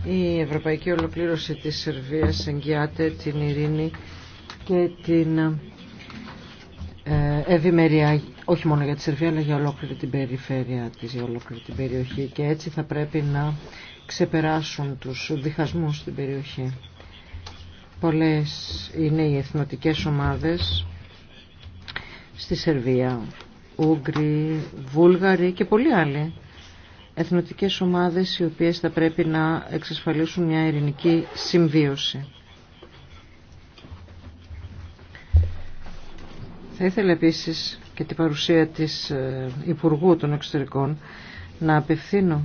Η ευρωπαϊκή ολοκλήρωση της Σερβίας εγγυάται την ειρήνη και την ε, ευημερία όχι μόνο για τη Σερβία αλλά για ολόκληρη την περιφέρεια της, για ολόκληρη την περιοχή και έτσι θα πρέπει να ξεπεράσουν τους διχασμούς στην περιοχή. Πολλές είναι οι εθνοτικές ομάδες στη Σερβία, Ούγγροι, Βούλγαροι και πολλοί άλλοι εθνοτικές ομάδες οι οποίες θα πρέπει να εξασφαλίσουν μια ειρηνική συμβίωση. Θα ήθελα επίσης και την παρουσία της ε, Υπουργού των Εξωτερικών να απευθύνω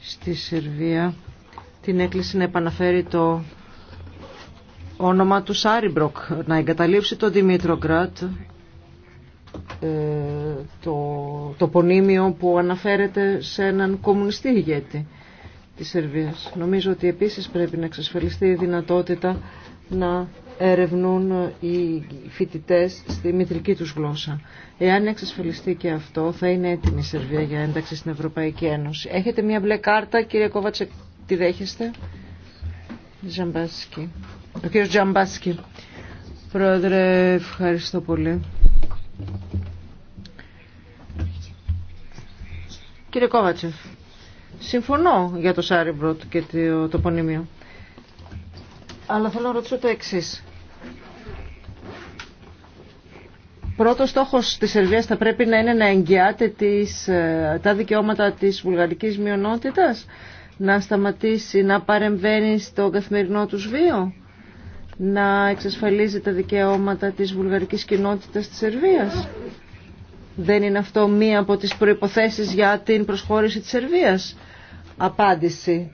στη Σερβία την έκκληση να επαναφέρει το όνομα του Σάριμπροκ, να εγκαταλείψει το ε, το, το πονίμιο που αναφέρεται σε έναν κομμουνιστή ηγέτη της Σερβίας. Νομίζω ότι επίσης πρέπει να εξασφαλιστεί η δυνατότητα να ερευνούν οι φοιτητές στη μητρική τους γλώσσα. Εάν εξασφαλιστεί και αυτό, θα είναι έτοιμη η Σερβία για ένταξη στην Ευρωπαϊκή Ένωση. Έχετε μια μπλε κάρτα, κύριε Κόβατσε, τη δέχεστε. Ζαμπάσκι. Ο κύριος Τζαμπάσκι. Πρόεδρε, ευχαριστώ πολύ. Κύριε Κόβατσεφ, συμφωνώ για το Σάριμπροτ και το πονήμιο. Αλλά θέλω να ρωτήσω το εξή. Πρώτος στόχος της Σερβίας θα πρέπει να είναι να εγγυάται τις, ε, τα δικαιώματα της βουλγαρικής μειονότητας, να σταματήσει να παρεμβαίνει στο καθημερινό τους βίο, να εξασφαλίζει τα δικαιώματα της βουλγαρικής κοινότητας της Σερβίας. Δεν είναι αυτό μία από τις προϋποθέσεις για την προσχώρηση της Σερβίας. Απάντηση.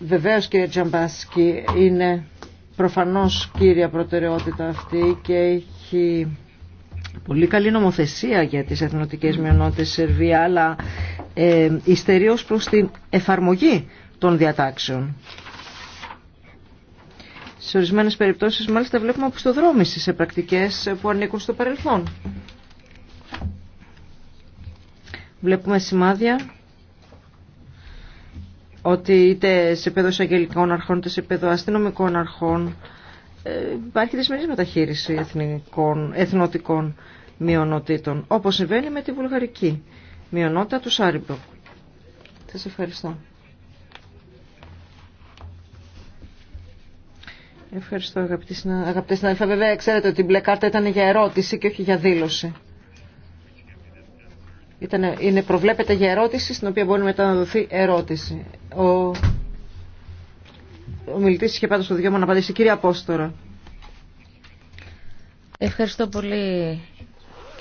Βεβαίως κύριε Τζαμπάσκη είναι προφανώς κύρια προτεραιότητα αυτή και έχει πολύ καλή νομοθεσία για τις εθνοτικές μειονότητες Σερβία αλλά ε, ως προς την εφαρμογή των διατάξεων. Σε ορισμένες περιπτώσεις μάλιστα βλέπουμε αποστοδρόμηση σε πρακτικές που ανήκουν στο παρελθόν. Βλέπουμε σημάδια ότι είτε σε επίπεδο εισαγγελικών αρχών είτε σε επίπεδο αστυνομικών αρχών ε, υπάρχει δυσμενή μεταχείριση εθνικών, εθνοτικών μειονοτήτων, όπως συμβαίνει με τη βουλγαρική μειονότητα του Σάριμπρο. Σα ευχαριστώ. Ευχαριστώ αγαπητοί συνάδελφοι. Βέβαια ξέρετε ότι η μπλε κάρτα ήταν για ερώτηση και όχι για δήλωση είναι προβλέπεται για ερώτηση στην οποία μπορεί μετά να δοθεί ερώτηση. Ο, ο μιλητής είχε πάντω το δικαίωμα να απαντήσει. Κύριε Απόστορα. Ευχαριστώ πολύ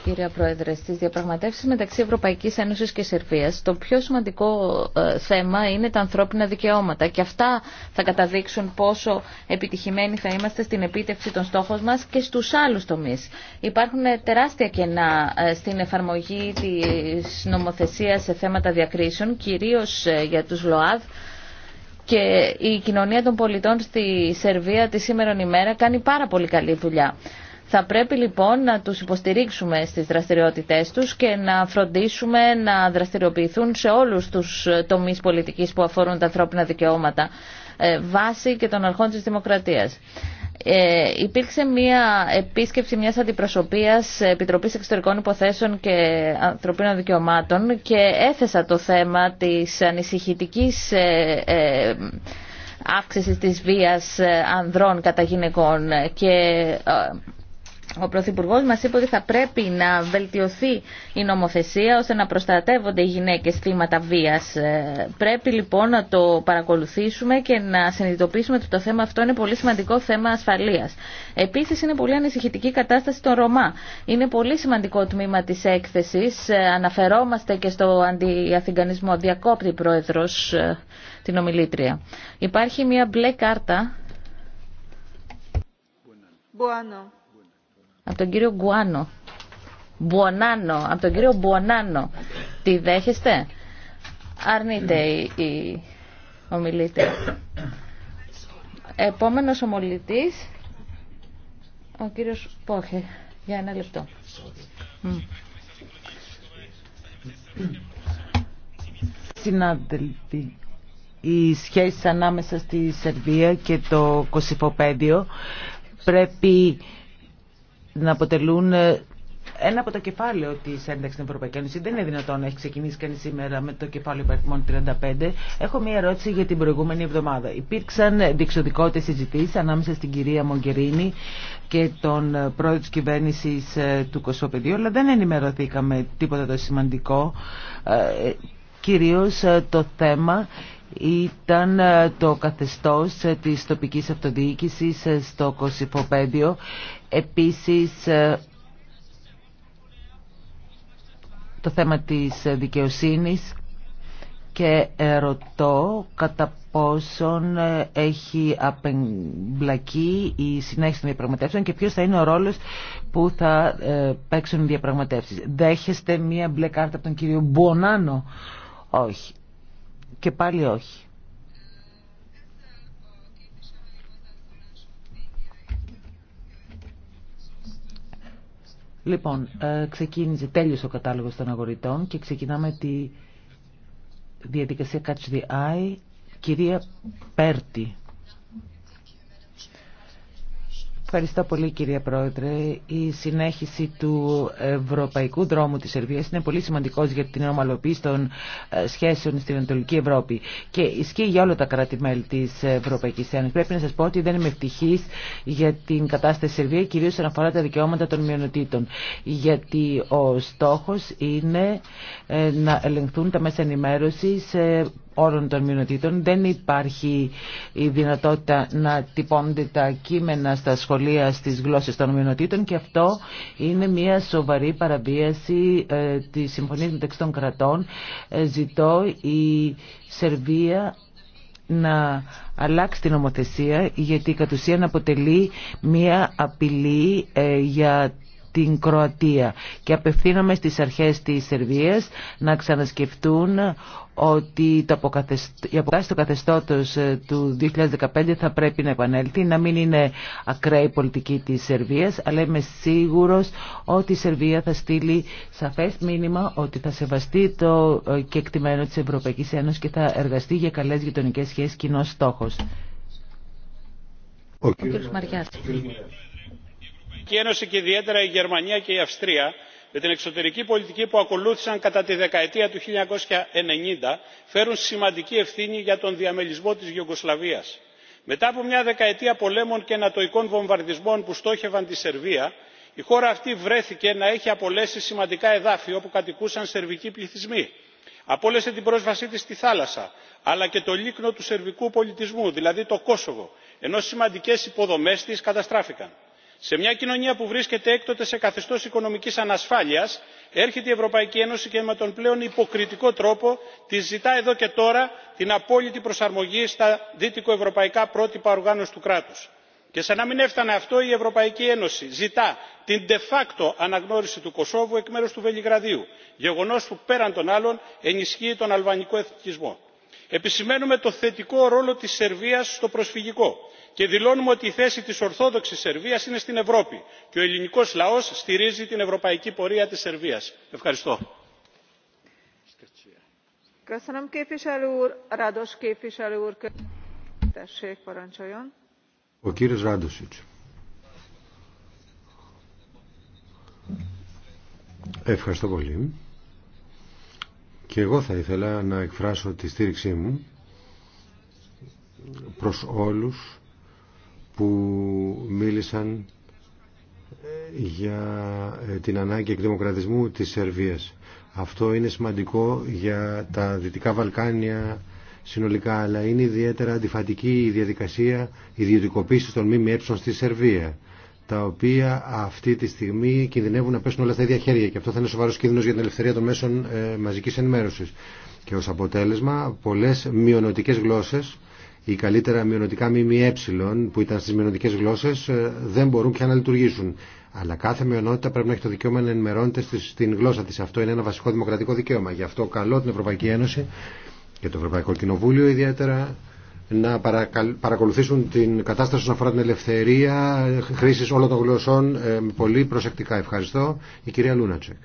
κύριε Πρόεδρε. στι διαπραγματεύσει μεταξύ Ευρωπαϊκής Ένωσης και Σερβίας το πιο σημαντικό ε, θέμα είναι τα ανθρώπινα δικαιώματα και αυτά θα καταδείξουν πόσο επιτυχημένοι θα είμαστε στην επίτευξη των στόχων μας και στους άλλους τομείς. Υπάρχουν ε, τεράστια κενά ε, στην εφαρμογή της νομοθεσίας σε θέματα διακρίσεων, κυρίως για του ΛΟΑΔ, και η κοινωνία των πολιτών στη Σερβία τη σήμερα ημέρα κάνει πάρα πολύ καλή δουλειά. Θα πρέπει λοιπόν να τους υποστηρίξουμε στις δραστηριότητές τους και να φροντίσουμε να δραστηριοποιηθούν σε όλους τους τομείς πολιτικής που αφορούν τα ανθρώπινα δικαιώματα ε, βάσει και των αρχών της δημοκρατίας. Ε, υπήρξε μια επίσκεψη μιας αντιπροσωπείας Επιτροπής Εξωτερικών Υποθέσεων και Ανθρωπίνων Δικαιωμάτων και έθεσα το θέμα της ανησυχητικής ε, ε αύξησης της βίας ε, ανδρών κατά γυναικών και ο Πρωθυπουργό μα είπε ότι θα πρέπει να βελτιωθεί η νομοθεσία ώστε να προστατεύονται οι γυναίκε θύματα βία. Ε, πρέπει λοιπόν να το παρακολουθήσουμε και να συνειδητοποιήσουμε ότι το θέμα αυτό είναι πολύ σημαντικό θέμα ασφαλεία. Επίση είναι πολύ ανησυχητική η κατάσταση των Ρωμά. Είναι πολύ σημαντικό τμήμα τη έκθεση. Ε, αναφερόμαστε και στο αντιαθηγανισμό. Διακόπτη πρόεδρο ε, την ομιλήτρια. Υπάρχει μια μπλε κάρτα από τον κύριο Γκουάνο. Μπουονάνο, από τον κύριο Μπουονάνο. Τη δέχεστε. Αρνείται η, η ομιλήτρια. Επόμενος ομιλητής, ο κύριος Πόχε, για ένα λεπτό. Συνάδελφοι, οι σχέσεις ανάμεσα στη Σερβία και το Κωσυφοπέδιο πρέπει να αποτελούν ε, ένα από τα κεφάλαια τη ένταξη στην Ευρωπαϊκή Ένωση. Δεν είναι δυνατόν να έχει ξεκινήσει κανεί σήμερα με το κεφάλαιο υπαριθμών 35. Έχω μία ερώτηση για την προηγούμενη εβδομάδα. Υπήρξαν διεξοδικότητε συζητήσει ανάμεσα στην κυρία Μογκερίνη και τον ε, πρόεδρο τη κυβέρνηση ε, του Κωσοπεδίου, αλλά δεν ενημερωθήκαμε τίποτα το σημαντικό. Κυρίω το θέμα ήταν ε, το καθεστώς ε, της τοπικής αυτοδιοίκησης ε, στο Κωσυφοπέδιο. Επίσης, το θέμα της δικαιοσύνης και ρωτώ κατά πόσον έχει απεμπλακεί η συνέχιση των διαπραγματεύσεων και ποιος θα είναι ο ρόλος που θα παίξουν οι διαπραγματεύσεις. Δέχεστε μία μπλε κάρτα από τον κύριο Μπονάνο. Όχι και πάλι όχι. Λοιπόν, ε, ξεκίνησε, τέλειωσε ο κατάλογος των αγορητών και ξεκινάμε τη διαδικασία Catch the Eye. Κυρία Πέρτη. Ευχαριστώ πολύ κυρία Πρόεδρε. Η συνέχιση του ευρωπαϊκού δρόμου της Σερβίας είναι πολύ σημαντικός για την ομαλοποίηση των ε, σχέσεων στην Ανατολική Ευρώπη και ισχύει για όλα τα κράτη-μέλη της Ευρωπαϊκής Ένωσης. Πρέπει να σας πω ότι δεν είμαι ευτυχής για την κατάσταση της Σερβίας κυρίως όσον αφορά τα δικαιώματα των μειονοτήτων. Γιατί ο στόχος είναι ε, να ελεγχθούν τα μέσα ενημέρωση όρων των μειονοτήτων. Δεν υπάρχει η δυνατότητα να τυπώνται τα κείμενα στα σχολεία στις γλώσσες των μειονοτήτων και αυτό είναι μια σοβαρή παραβίαση ε, της συμφωνίας μεταξύ των κρατών. Ε, ζητώ η Σερβία να αλλάξει την νομοθεσία γιατί η κατ' ουσίαν αποτελεί μία απειλή ε, για την Κροατία και απευθύνομαι στις αρχές της Σερβίας να ξανασκεφτούν ότι το αποκαθεστ... η αποκάθεση του καθεστώτος ε, του 2015 θα πρέπει να επανέλθει, να μην είναι ακραία η πολιτική της Σερβίας, αλλά είμαι σίγουρος ότι η Σερβία θα στείλει σαφές μήνυμα ότι θα σεβαστεί το ε, κεκτημένο της Ευρωπαϊκής Ένωσης και θα εργαστεί για καλές γειτονικές σχέσεις κοινό στόχος ευρωπαϊκή ένωση και ιδιαίτερα η γερμανία και η αυστρία με την εξωτερική πολιτική που ακολούθησαν κατά τη δεκαετία του 1990 φέρουν σημαντική ευθύνη για τον διαμελισμό της Ιουγκοσλαβίας. Μετά από μια δεκαετία πολέμων και ανατοϊκών βομβαρδισμών που στόχευαν τη Σερβία, η χώρα αυτή βρέθηκε να έχει απολέσει σημαντικά εδάφη όπου κατοικούσαν σερβικοί πληθυσμοί. Απόλεσε την πρόσβασή της στη θάλασσα, αλλά και το λίκνο του σερβικού πολιτισμού, δηλαδή το Κόσοβο, ενώ σημαντικές υποδομές της καταστράφηκαν σε μια κοινωνία που βρίσκεται έκτοτε σε καθεστώ οικονομική ανασφάλεια, έρχεται η ευρωπαϊκή ένωση και με τον πλέον υποκριτικό τρόπο τη ζητά εδώ και τώρα την απόλυτη προσαρμογή στα δυτικοευρωπαϊκά πρότυπα οργάνωση του κράτου. και σαν να μην έφτανε αυτό η ευρωπαϊκή ένωση ζητά την de facto αναγνώριση του κωσόβου εκ μέρου του βελιγραδίου γεγονό που πέραν των άλλων ενισχύει τον αλβανικό εθνικισμό. επισημαίνουμε το θετικό ρόλο τη Σερβία στο προσφυγικό και δηλώνουμε ότι η θέση της ορθόδοξης σερβίας είναι στην ευρώπη και ο ελληνικός λαός στηρίζει την ευρωπαϊκή πορεία της σερβίας. ευχαριστώ. Ο κύριος Ράντοσιτς. Ευχαριστώ πολύ. Και εγώ θα ήθελα να εκφράσω τη στήριξή μου προς όλους που μίλησαν για ε, την ανάγκη εκδημοκρατισμού της Σερβίας. Αυτό είναι σημαντικό για τα Δυτικά Βαλκάνια συνολικά, αλλά είναι ιδιαίτερα αντιφατική η διαδικασία ιδιωτικοποίησης των ΜΜΕ στη Σερβία, τα οποία αυτή τη στιγμή κινδυνεύουν να πέσουν όλα στα ίδια χέρια και αυτό θα είναι σοβαρός κίνδυνος για την ελευθερία των μέσων ε, μαζικής ενημέρωσης. Και ως αποτέλεσμα πολλές μειονοτικές γλώσσες ή καλύτερα μειονοτικά ΜΜΕ που ήταν στις μειονοτικές γλώσσες ε, δεν μπορούν πια να λειτουργήσουν. Αλλά κάθε μειονότητα πρέπει να έχει το δικαίωμα να ενημερώνεται στην γλώσσα της. Αυτό είναι ένα βασικό δημοκρατικό δικαίωμα. Γι' αυτό καλώ την Ευρωπαϊκή Ένωση και το Ευρωπαϊκό Κοινοβούλιο ιδιαίτερα να παρακολουθήσουν την κατάσταση όσον αφορά την ελευθερία χρήση όλων των γλωσσών ε, πολύ προσεκτικά. Ευχαριστώ. Η κυρία Λούνατσεκ.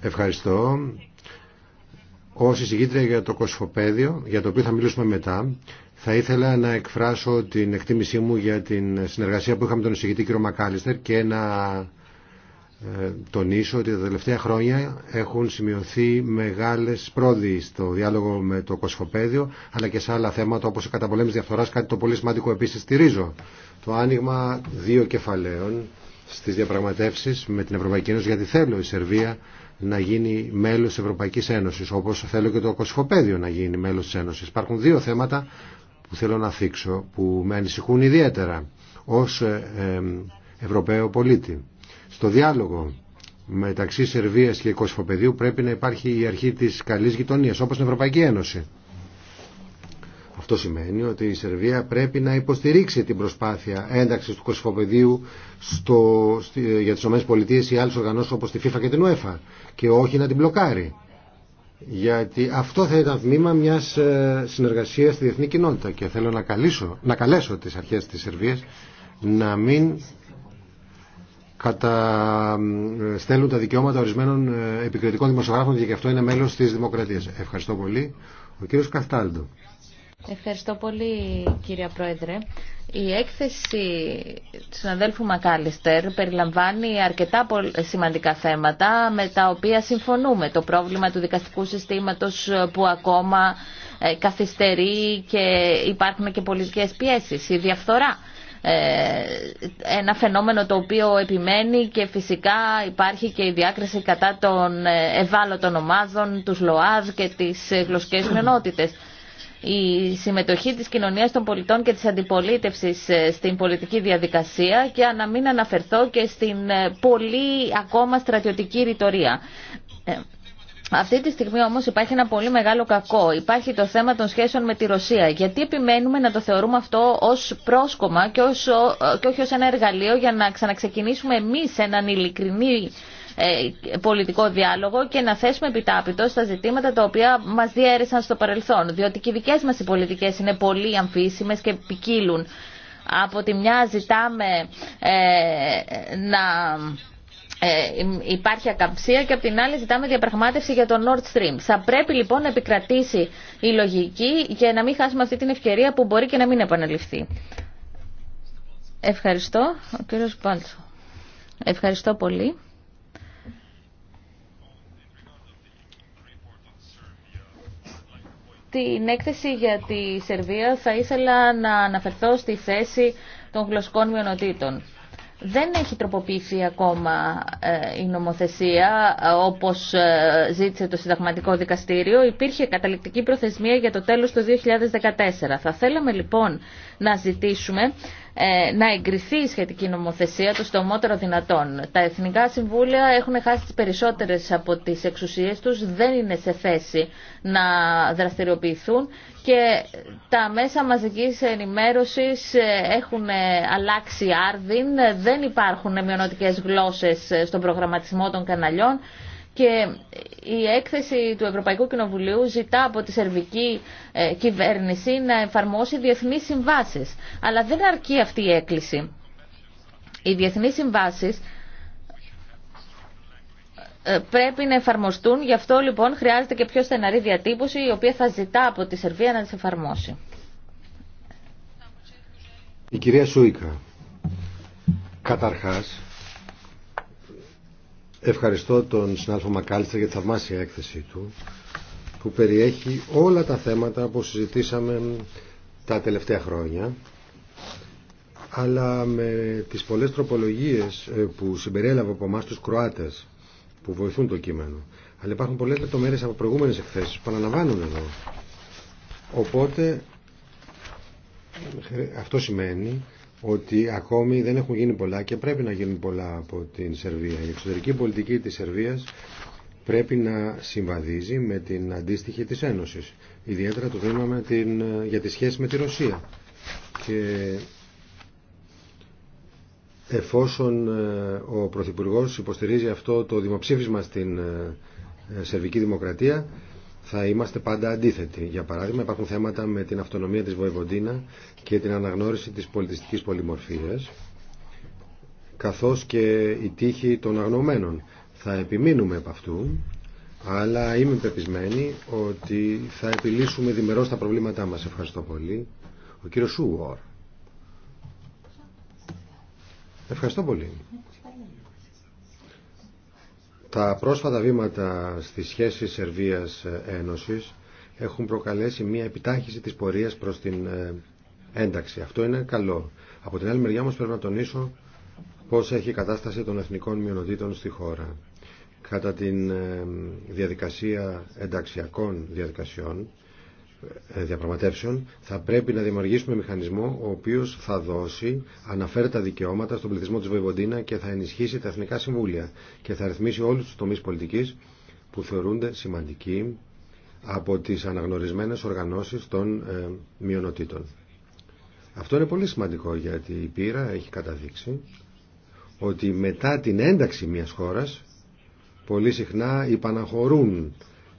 Ευχαριστώ. Ω εισηγήτρια για το κοσφοπέδιο, για το οποίο θα μιλήσουμε μετά, θα ήθελα να εκφράσω την εκτίμησή μου για την συνεργασία που είχαμε τον εισηγητή κ. Μακάλιστερ και να ε, τονίσω ότι τα τελευταία χρόνια έχουν σημειωθεί μεγάλες πρόοδοι στο διάλογο με το κοσφοπέδιο αλλά και σε άλλα θέματα όπως η καταπολέμηση διαφθοράς κάτι το πολύ σημαντικό επίσης στηρίζω το άνοιγμα δύο κεφαλαίων στις διαπραγματεύσεις με την Ευρωπαϊκή Ένωση γιατί θέλω η Σερβία να γίνει μέλος της Ευρωπαϊκής Ένωσης, όπως θέλω και το Κωσφοπέδιο να γίνει μέλος της Ένωσης. Υπάρχουν δύο θέματα που θέλω να θίξω, που με ανησυχούν ιδιαίτερα ως ε, Ευρωπαίο πολίτη. Στο διάλογο μεταξύ Σερβίας και κοσυχοπαιδίου πρέπει να υπάρχει η αρχή της καλής γειτονίας, όπως στην Ευρωπαϊκή Ένωση. Αυτό σημαίνει ότι η Σερβία πρέπει να υποστηρίξει την προσπάθεια ένταξη του κοσφοπεδίου στο, στη, για τις ΗΠΑ ή άλλε οργανώσει όπω τη FIFA και την UEFA και όχι να την μπλοκάρει. Γιατί αυτό θα ήταν τμήμα μιας ε, συνεργασία στη διεθνή κοινότητα και θέλω να, καλήσω, να καλέσω τι αρχέ τη Σερβίας να μην στέλνουν τα δικαιώματα ορισμένων ε, επικριτικών δημοσιογράφων γιατί αυτό είναι μέλος της Δημοκρατίας. Ευχαριστώ πολύ. Ο κύριο Καφτάλντο. Ευχαριστώ πολύ κύριε Πρόεδρε. Η έκθεση του συναδέλφου Μακάλιστερ περιλαμβάνει αρκετά σημαντικά θέματα με τα οποία συμφωνούμε. Το πρόβλημα του δικαστικού συστήματος που ακόμα ε, καθυστερεί και υπάρχουν και πολιτικές πιέσεις. Η διαφθορά ε, ένα φαινόμενο το οποίο επιμένει και φυσικά υπάρχει και η διάκριση κατά των ε, ευάλωτων ομάδων, τους ΛΟΑΔ και τις γλωσσικές μειονότητες η συμμετοχή της κοινωνίας των πολιτών και της αντιπολίτευσης ε, στην πολιτική διαδικασία και να μην αναφερθώ και στην ε, πολύ ακόμα στρατιωτική ρητορία. Ε, αυτή τη στιγμή όμω υπάρχει ένα πολύ μεγάλο κακό. Υπάρχει το θέμα των σχέσεων με τη Ρωσία. Γιατί επιμένουμε να το θεωρούμε αυτό ω πρόσκομα και, ως, και όχι ω ένα εργαλείο για να ξαναξεκινήσουμε εμεί έναν ειλικρινή ε, πολιτικό διάλογο και να θέσουμε επιτάπητο στα ζητήματα τα οποία μας διέρεσαν στο παρελθόν. Διότι και οι δικέ μας οι πολιτικές είναι πολύ αμφίσιμες και ποικίλουν. Από τη μια ζητάμε ε, να... Ε, υπάρχει ακαμψία και από την άλλη ζητάμε διαπραγμάτευση για το Nord Stream. Θα πρέπει λοιπόν να επικρατήσει η λογική για να μην χάσουμε αυτή την ευκαιρία που μπορεί και να μην επαναληφθεί. Ευχαριστώ. Ο κύριος Πάλτσο. Ευχαριστώ πολύ. την έκθεση για τη Σερβία θα ήθελα να αναφερθώ στη θέση των γλωσσικών μειονοτήτων. Δεν έχει τροποποιηθεί ακόμα ε, η νομοθεσία όπως ε, ζήτησε το Συνταγματικό Δικαστήριο. Υπήρχε καταληκτική προθεσμία για το τέλος του 2014. Θα θέλαμε λοιπόν να ζητήσουμε ε, να εγκριθεί η σχετική νομοθεσία το στομότερο δυνατόν. Τα εθνικά συμβούλια έχουν χάσει τις περισσότερες από τις εξουσίες τους, δεν είναι σε θέση να δραστηριοποιηθούν και τα μέσα μαζικής ενημέρωσης ε, έχουν ε, αλλάξει άρδιν, δεν υπάρχουν μειονοτικές γλώσσες στον προγραμματισμό των καναλιών και η έκθεση του Ευρωπαϊκού Κοινοβουλίου ζητά από τη σερβική ε, κυβέρνηση να εφαρμόσει διεθνείς συμβάσεις. Αλλά δεν αρκεί αυτή η έκκληση. Οι διεθνείς συμβάσεις ε, πρέπει να εφαρμοστούν. Γι' αυτό λοιπόν χρειάζεται και πιο στεναρή διατύπωση η οποία θα ζητά από τη Σερβία να τις εφαρμόσει. Η κυρία Σούικα, καταρχάς, Ευχαριστώ τον συνάδελφο Μακάλιστερ για τη θαυμάσια έκθεσή του που περιέχει όλα τα θέματα που συζητήσαμε τα τελευταία χρόνια αλλά με τις πολλές τροπολογίες ε, που συμπεριέλαβε από εμάς τους Κροάτες που βοηθούν το κείμενο. Αλλά υπάρχουν πολλές λεπτομέρειες από προηγούμενες εκθέσεις που αναλαμβάνουν εδώ. Οπότε αυτό σημαίνει ότι ακόμη δεν έχουν γίνει πολλά και πρέπει να γίνουν πολλά από την Σερβία. Η εξωτερική πολιτική της Σερβίας πρέπει να συμβαδίζει με την αντίστοιχη της Ένωσης. Ιδιαίτερα το βήμα την, για τη σχέση με τη Ρωσία. Και εφόσον ε, ο Πρωθυπουργός υποστηρίζει αυτό το δημοψήφισμα στην ε, Σερβική Δημοκρατία, θα είμαστε πάντα αντίθετοι. Για παράδειγμα, υπάρχουν θέματα με την αυτονομία της Βοηβοντίνα και την αναγνώριση της πολιτιστικής πολυμορφίας, καθώς και η τύχη των αγνωμένων. Θα επιμείνουμε από αυτού, αλλά είμαι πεπισμένη ότι θα επιλύσουμε διμερώς τα προβλήματά μας. Ευχαριστώ πολύ. Ο κύριος Σούγορ. Ευχαριστώ πολύ. Τα πρόσφατα βήματα στις σχέσεις Σερβίας-Ένωσης έχουν προκαλέσει μια επιτάχυση της πορείας προς την ε, ένταξη. Αυτό είναι καλό. Από την άλλη μεριά όμως πρέπει να τονίσω πώς έχει η κατάσταση των εθνικών μειονοτήτων στη χώρα. Κατά την ε, διαδικασία ενταξιακών διαδικασιών διαπραγματεύσεων θα πρέπει να δημιουργήσουμε μηχανισμό ο οποίος θα δώσει αναφέρετα δικαιώματα στον πληθυσμό της Βοηβοντίνα και θα ενισχύσει τα εθνικά συμβούλια και θα ρυθμίσει όλους τους τομείς πολιτικής που θεωρούνται σημαντικοί από τις αναγνωρισμένες οργανώσεις των ε, μειονοτήτων. Αυτό είναι πολύ σημαντικό γιατί η πείρα έχει καταδείξει ότι μετά την ένταξη μιας χώρας πολύ συχνά υπαναχωρούν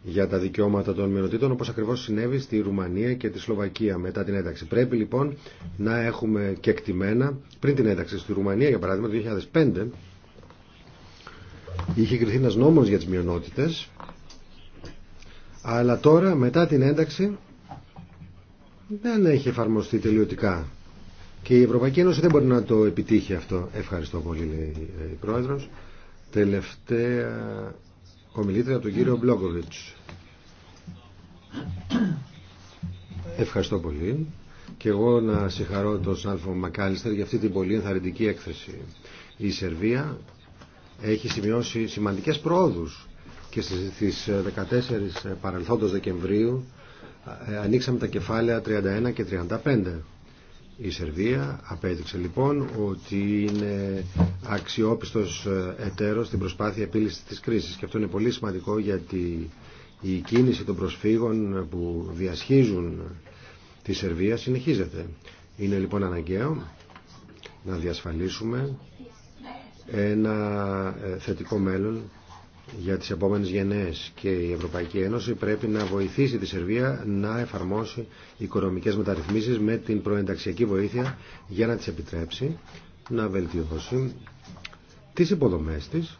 για τα δικαιώματα των μειονοτήτων, όπως ακριβώς συνέβη στη Ρουμανία και τη Σλοβακία μετά την ένταξη. Πρέπει λοιπόν να έχουμε και εκτιμένα, πριν την ένταξη στη Ρουμανία, για παράδειγμα το 2005, είχε κριθεί ένας νόμος για τις μειονότητες, αλλά τώρα μετά την ένταξη δεν έχει εφαρμοστεί τελειωτικά. Και η Ευρωπαϊκή Ένωση δεν μπορεί να το επιτύχει αυτό. Ευχαριστώ πολύ, λέει η Πρόεδρος. Τελευταία ομιλήτρια από τον κύριο Μπλόκοβιτς. Ευχαριστώ πολύ. Και εγώ να συγχαρώ τον Σάλφο Μακάλιστερ για αυτή την πολύ ενθαρρυντική έκθεση. Η Σερβία έχει σημειώσει σημαντικές προόδους και στις 14 παρελθόντος Δεκεμβρίου ε, ανοίξαμε τα κεφάλαια 31 και 35 η Σερβία απέδειξε λοιπόν ότι είναι αξιόπιστος ε, εταίρος στην προσπάθεια επίλυσης της κρίσης και αυτό είναι πολύ σημαντικό γιατί η κίνηση των προσφύγων που διασχίζουν τη Σερβία συνεχίζεται. Είναι λοιπόν αναγκαίο να διασφαλίσουμε ένα ε, θετικό μέλλον για τις επόμενες γενναίες και η Ευρωπαϊκή Ένωση πρέπει να βοηθήσει τη Σερβία να εφαρμόσει οικονομικές μεταρρυθμίσεις με την προενταξιακή βοήθεια για να τις επιτρέψει να βελτιώσει τις υποδομές της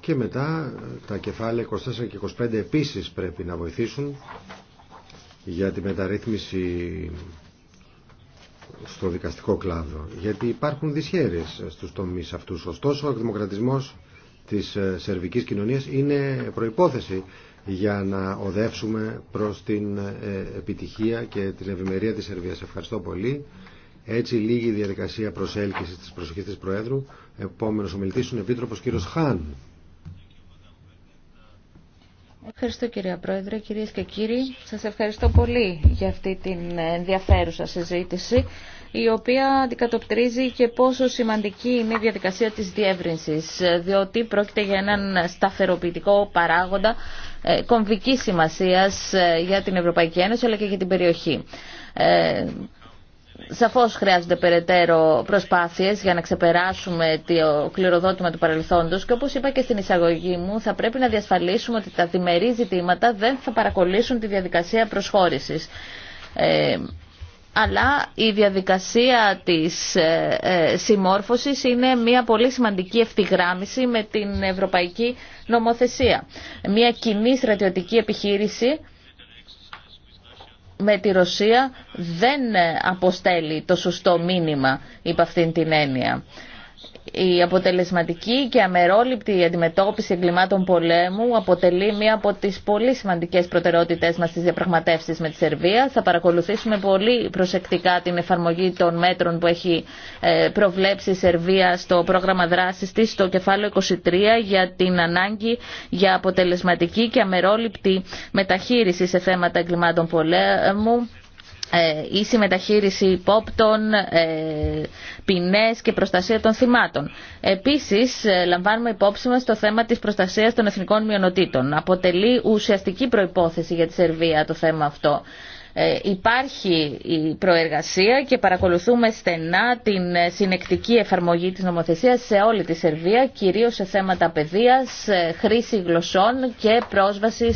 και μετά τα κεφάλαια 24 και 25 επίσης πρέπει να βοηθήσουν για τη μεταρρύθμιση στο δικαστικό κλάδο γιατί υπάρχουν δυσχέρειες στους τομείς αυτούς ωστόσο ο εκδημοκρατισμός της ε, σερβικής κοινωνίας είναι προϋπόθεση για να οδεύσουμε προς την ε, επιτυχία και την ευημερία της Σερβίας. Ευχαριστώ πολύ. Έτσι λίγη διαδικασία προσέλκυσης της προσοχής της Προέδρου. Επόμενος ομιλητής είναι ο Επίτροπος κύριος Χάν. Ευχαριστώ κυρία Πρόεδρε, κυρίες και κύριοι. Σας ευχαριστώ πολύ για αυτή την ενδιαφέρουσα συζήτηση η οποία αντικατοπτρίζει και πόσο σημαντική είναι η διαδικασία της διεύρυνσης, διότι πρόκειται για έναν σταθεροποιητικό παράγοντα ε, κομβική σημασίας ε, για την Ευρωπαϊκή Ένωση αλλά και για την περιοχή. Ε, σαφώς χρειάζονται περαιτέρω προσπάθειες για να ξεπεράσουμε το κληροδότημα του παρελθόντος και όπως είπα και στην εισαγωγή μου θα πρέπει να διασφαλίσουμε ότι τα διμερεί ζητήματα δεν θα παρακολύσουν τη διαδικασία προσχώρησης αλλά η διαδικασία της ε, ε, συμμόρφωσης είναι μια πολύ σημαντική ευθυγράμμιση με την ευρωπαϊκή νομοθεσία. Μια κοινή στρατιωτική επιχείρηση με τη Ρωσία δεν αποστέλει το σωστό μήνυμα υπ' αυτήν την έννοια. Η αποτελεσματική και αμερόληπτη αντιμετώπιση εγκλημάτων πολέμου αποτελεί μία από τις πολύ σημαντικές προτεραιότητές μας στις διαπραγματεύσεις με τη Σερβία. Θα παρακολουθήσουμε πολύ προσεκτικά την εφαρμογή των μέτρων που έχει ε, προβλέψει η Σερβία στο πρόγραμμα δράσης της, στο κεφάλαιο 23, για την ανάγκη για αποτελεσματική και αμερόληπτη μεταχείριση σε θέματα εγκλημάτων πολέμου ε, ίση μεταχείριση υπόπτων, ε, ποινές και προστασία των θυμάτων. Επίσης, ε, λαμβάνουμε υπόψη μας το θέμα της προστασίας των εθνικών μειονοτήτων. Αποτελεί ουσιαστική προϋπόθεση για τη Σερβία το θέμα αυτό. υπάρχει η προεργασία και παρακολουθούμε στενά την συνεκτική εφαρμογή της νομοθεσίας σε όλη τη Σερβία, κυρίως σε θέματα παιδείας, χρήση γλωσσών και πρόσβαση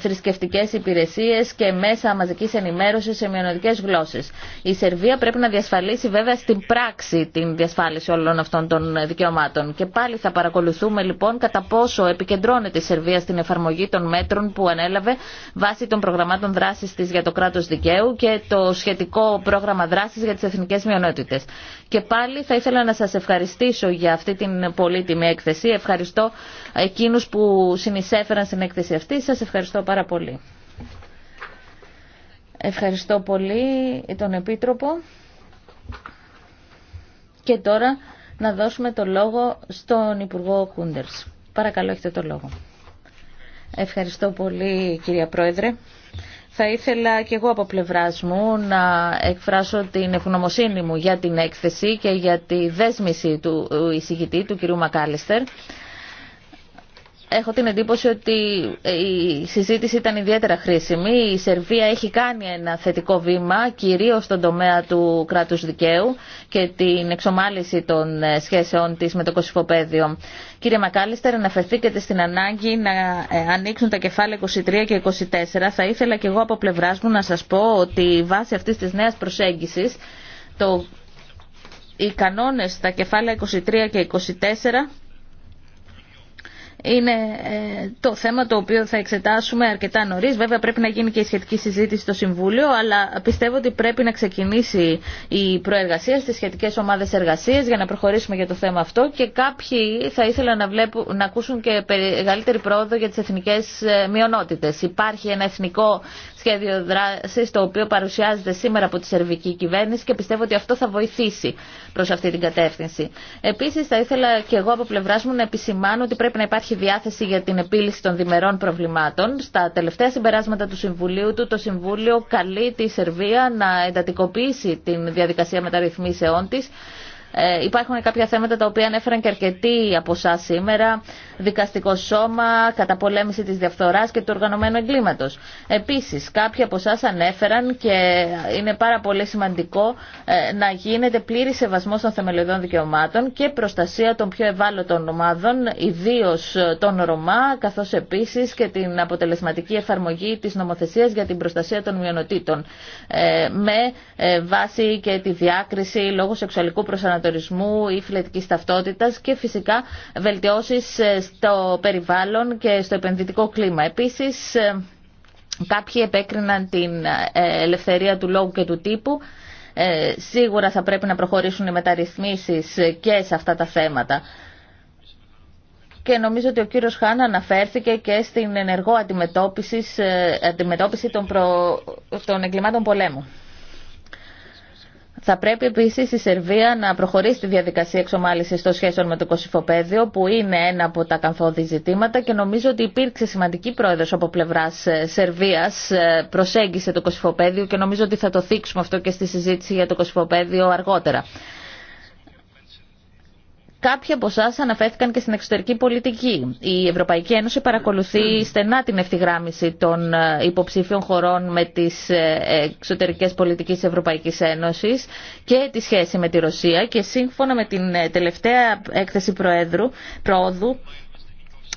θρησκευτικές υπηρεσίες και μέσα μαζικής ενημέρωσης σε μειονοτικές γλώσσες. Η Σερβία πρέπει να διασφαλίσει βέβαια στην πράξη την διασφάλιση όλων αυτών των δικαιωμάτων. Και πάλι θα παρακολουθούμε λοιπόν κατά πόσο επικεντρώνεται η Σερβία στην εφαρμογή των μέτρων που ανέλαβε βάσει των προγραμμάτων δράσης της για το κράτο δικαίου και το σχετικό πρόγραμμα δράσης για τις εθνικές μειονότητες. Και πάλι θα ήθελα να σα ευχαριστήσω για αυτή την πολύτιμη έκθεση. Ευχαριστώ εκείνους που συνεισέφεραν στην έκθεση αυτή. Σας ευχαριστώ πάρα πολύ. Ευχαριστώ πολύ τον Επίτροπο. Και τώρα να δώσουμε το λόγο στον Υπουργό Κούντερς. Παρακαλώ, έχετε το λόγο. Ευχαριστώ πολύ, κυρία Πρόεδρε. Θα ήθελα και εγώ από πλευρά μου να εκφράσω την ευγνωμοσύνη μου για την έκθεση και για τη δέσμηση του εισηγητή, του κυρίου Μακάλιστερ έχω την εντύπωση ότι ε, η συζήτηση ήταν ιδιαίτερα χρήσιμη. Η Σερβία έχει κάνει ένα θετικό βήμα, κυρίως στον τομέα του κράτους δικαίου και την εξομάλυση των ε, σχέσεών της με το Κωσυφοπαίδιο. Κύριε Μακάλιστερ, αναφερθήκατε στην ανάγκη να ε, ανοίξουν τα κεφάλαια 23 και 24. Θα ήθελα και εγώ από πλευρά μου να σας πω ότι βάσει αυτής της νέας προσέγγισης, το... οι κανόνες στα κεφάλαια 23 και 24 είναι ε, το θέμα το οποίο θα εξετάσουμε αρκετά νωρί. Βέβαια πρέπει να γίνει και η σχετική συζήτηση στο Συμβούλιο, αλλά πιστεύω ότι πρέπει να ξεκινήσει η προεργασία στι σχετικές ομάδες εργασίας για να προχωρήσουμε για το θέμα αυτό και κάποιοι θα ήθελαν να, βλέπουν, να ακούσουν και μεγαλύτερη πρόοδο για τι εθνικέ ε, μειονότητε. Υπάρχει ένα εθνικό σχέδιο δράσης το οποίο παρουσιάζεται σήμερα από τη σερβική κυβέρνηση και πιστεύω ότι αυτό θα βοηθήσει προς αυτή την κατεύθυνση. Επίσης θα ήθελα και εγώ από πλευρά μου να επισημάνω ότι πρέπει να υπάρχει διάθεση για την επίλυση των διμερών προβλημάτων. Στα τελευταία συμπεράσματα του Συμβουλίου του το Συμβούλιο καλεί τη Σερβία να εντατικοποιήσει την διαδικασία μεταρρυθμίσεών της ε, υπάρχουν κάποια θέματα τα οποία ανέφεραν και αρκετοί από εσά σήμερα. Δικαστικό σώμα, καταπολέμηση τη διαφθορά και του οργανωμένου εγκλήματο. Επίση, κάποιοι από εσά ανέφεραν και είναι πάρα πολύ σημαντικό ε, να γίνεται πλήρη σεβασμό των θεμελιωδών δικαιωμάτων και προστασία των πιο ευάλωτων ομάδων, ιδίω ε, των Ρωμά, καθώ επίση και την αποτελεσματική εφαρμογή τη νομοθεσία για την προστασία των μειονοτήτων. Ε, με ε, βάση και τη διάκριση λόγω σεξουαλικού προσανατολισμού ή φυλετική ταυτότητα και φυσικά βελτιώσεις ε, στο περιβάλλον και στο επενδυτικό κλίμα. Επίσης, ε, κάποιοι επέκριναν την ε, ελευθερία του λόγου και του τύπου. Σίγουρα θα πρέπει να προχωρήσουν οι μεταρρυθμίσεις και σε αυτά τα θέματα και νομίζω ότι ο κύριος Χάν αναφέρθηκε και στην ενεργό αντιμετώπιση των, προ... των εγκλημάτων πολέμου. Θα πρέπει επίση η Σερβία να προχωρήσει τη διαδικασία εξομάλυση των σχέσεων με το Κωσυφοπαίδιο που είναι ένα από τα καθόδη ζητήματα και νομίζω ότι υπήρξε σημαντική πρόεδρο από πλευρά ε, Σερβίας ε, προσέγγισε το Κωσυφοπαίδιο και νομίζω ότι θα το θίξουμε αυτό και στη συζήτηση για το Κωσυφοπαίδιο αργότερα. Κάποιοι από εσά αναφέρθηκαν και στην εξωτερική πολιτική. Η Ευρωπαϊκή Ένωση παρακολουθεί στενά την ευθυγράμμιση των ε, υποψήφιων χωρών με τι ε, εξωτερικέ πολιτικέ Ευρωπαϊκή Ένωση και τη σχέση με τη Ρωσία και σύμφωνα με την ε, τελευταία έκθεση Προέδρου, Προόδου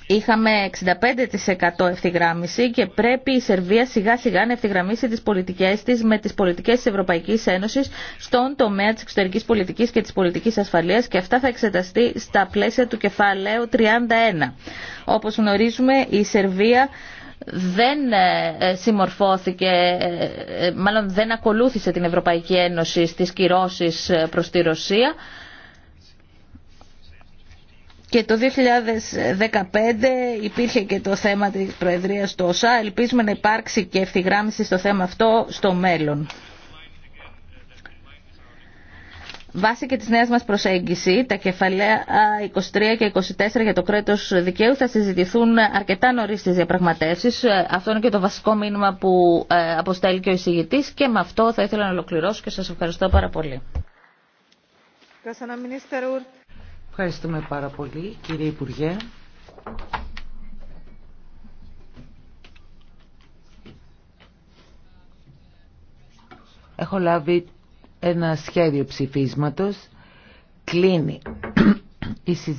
Είχαμε 65% ευθυγράμμιση και πρέπει η Σερβία σιγά σιγά να ευθυγραμμίσει τις πολιτικές της με τις πολιτικές της Ευρωπαϊκής Ένωσης στον τομέα της εξωτερικής πολιτικής και της πολιτικής ασφαλείας και αυτά θα εξεταστεί στα πλαίσια του κεφαλαίου 31. Όπως γνωρίζουμε η Σερβία δεν ε, ε, συμμορφώθηκε, ε, μάλλον δεν ακολούθησε την Ευρωπαϊκή Ένωση στις κυρώσεις προς τη Ρωσία και το 2015 υπήρχε και το θέμα της Προεδρίας του ΩΣΑ. Ελπίζουμε να υπάρξει και ευθυγράμμιση στο θέμα αυτό στο μέλλον. Βάσει και της νέας μας προσέγγιση, τα κεφαλαία 23 και 24 για το κρέτος δικαίου θα συζητηθούν αρκετά νωρίς στις διαπραγματεύσεις. Αυτό είναι και το βασικό μήνυμα που ε, αποστέλει και ο εισηγητής και με αυτό θα ήθελα να ολοκληρώσω και σας ευχαριστώ πάρα πολύ. Ευχαριστούμε πάρα πολύ κύριε Υπουργέ. Έχω λάβει ένα σχέδιο ψηφίσματος. Κλείνει η συζήτηση.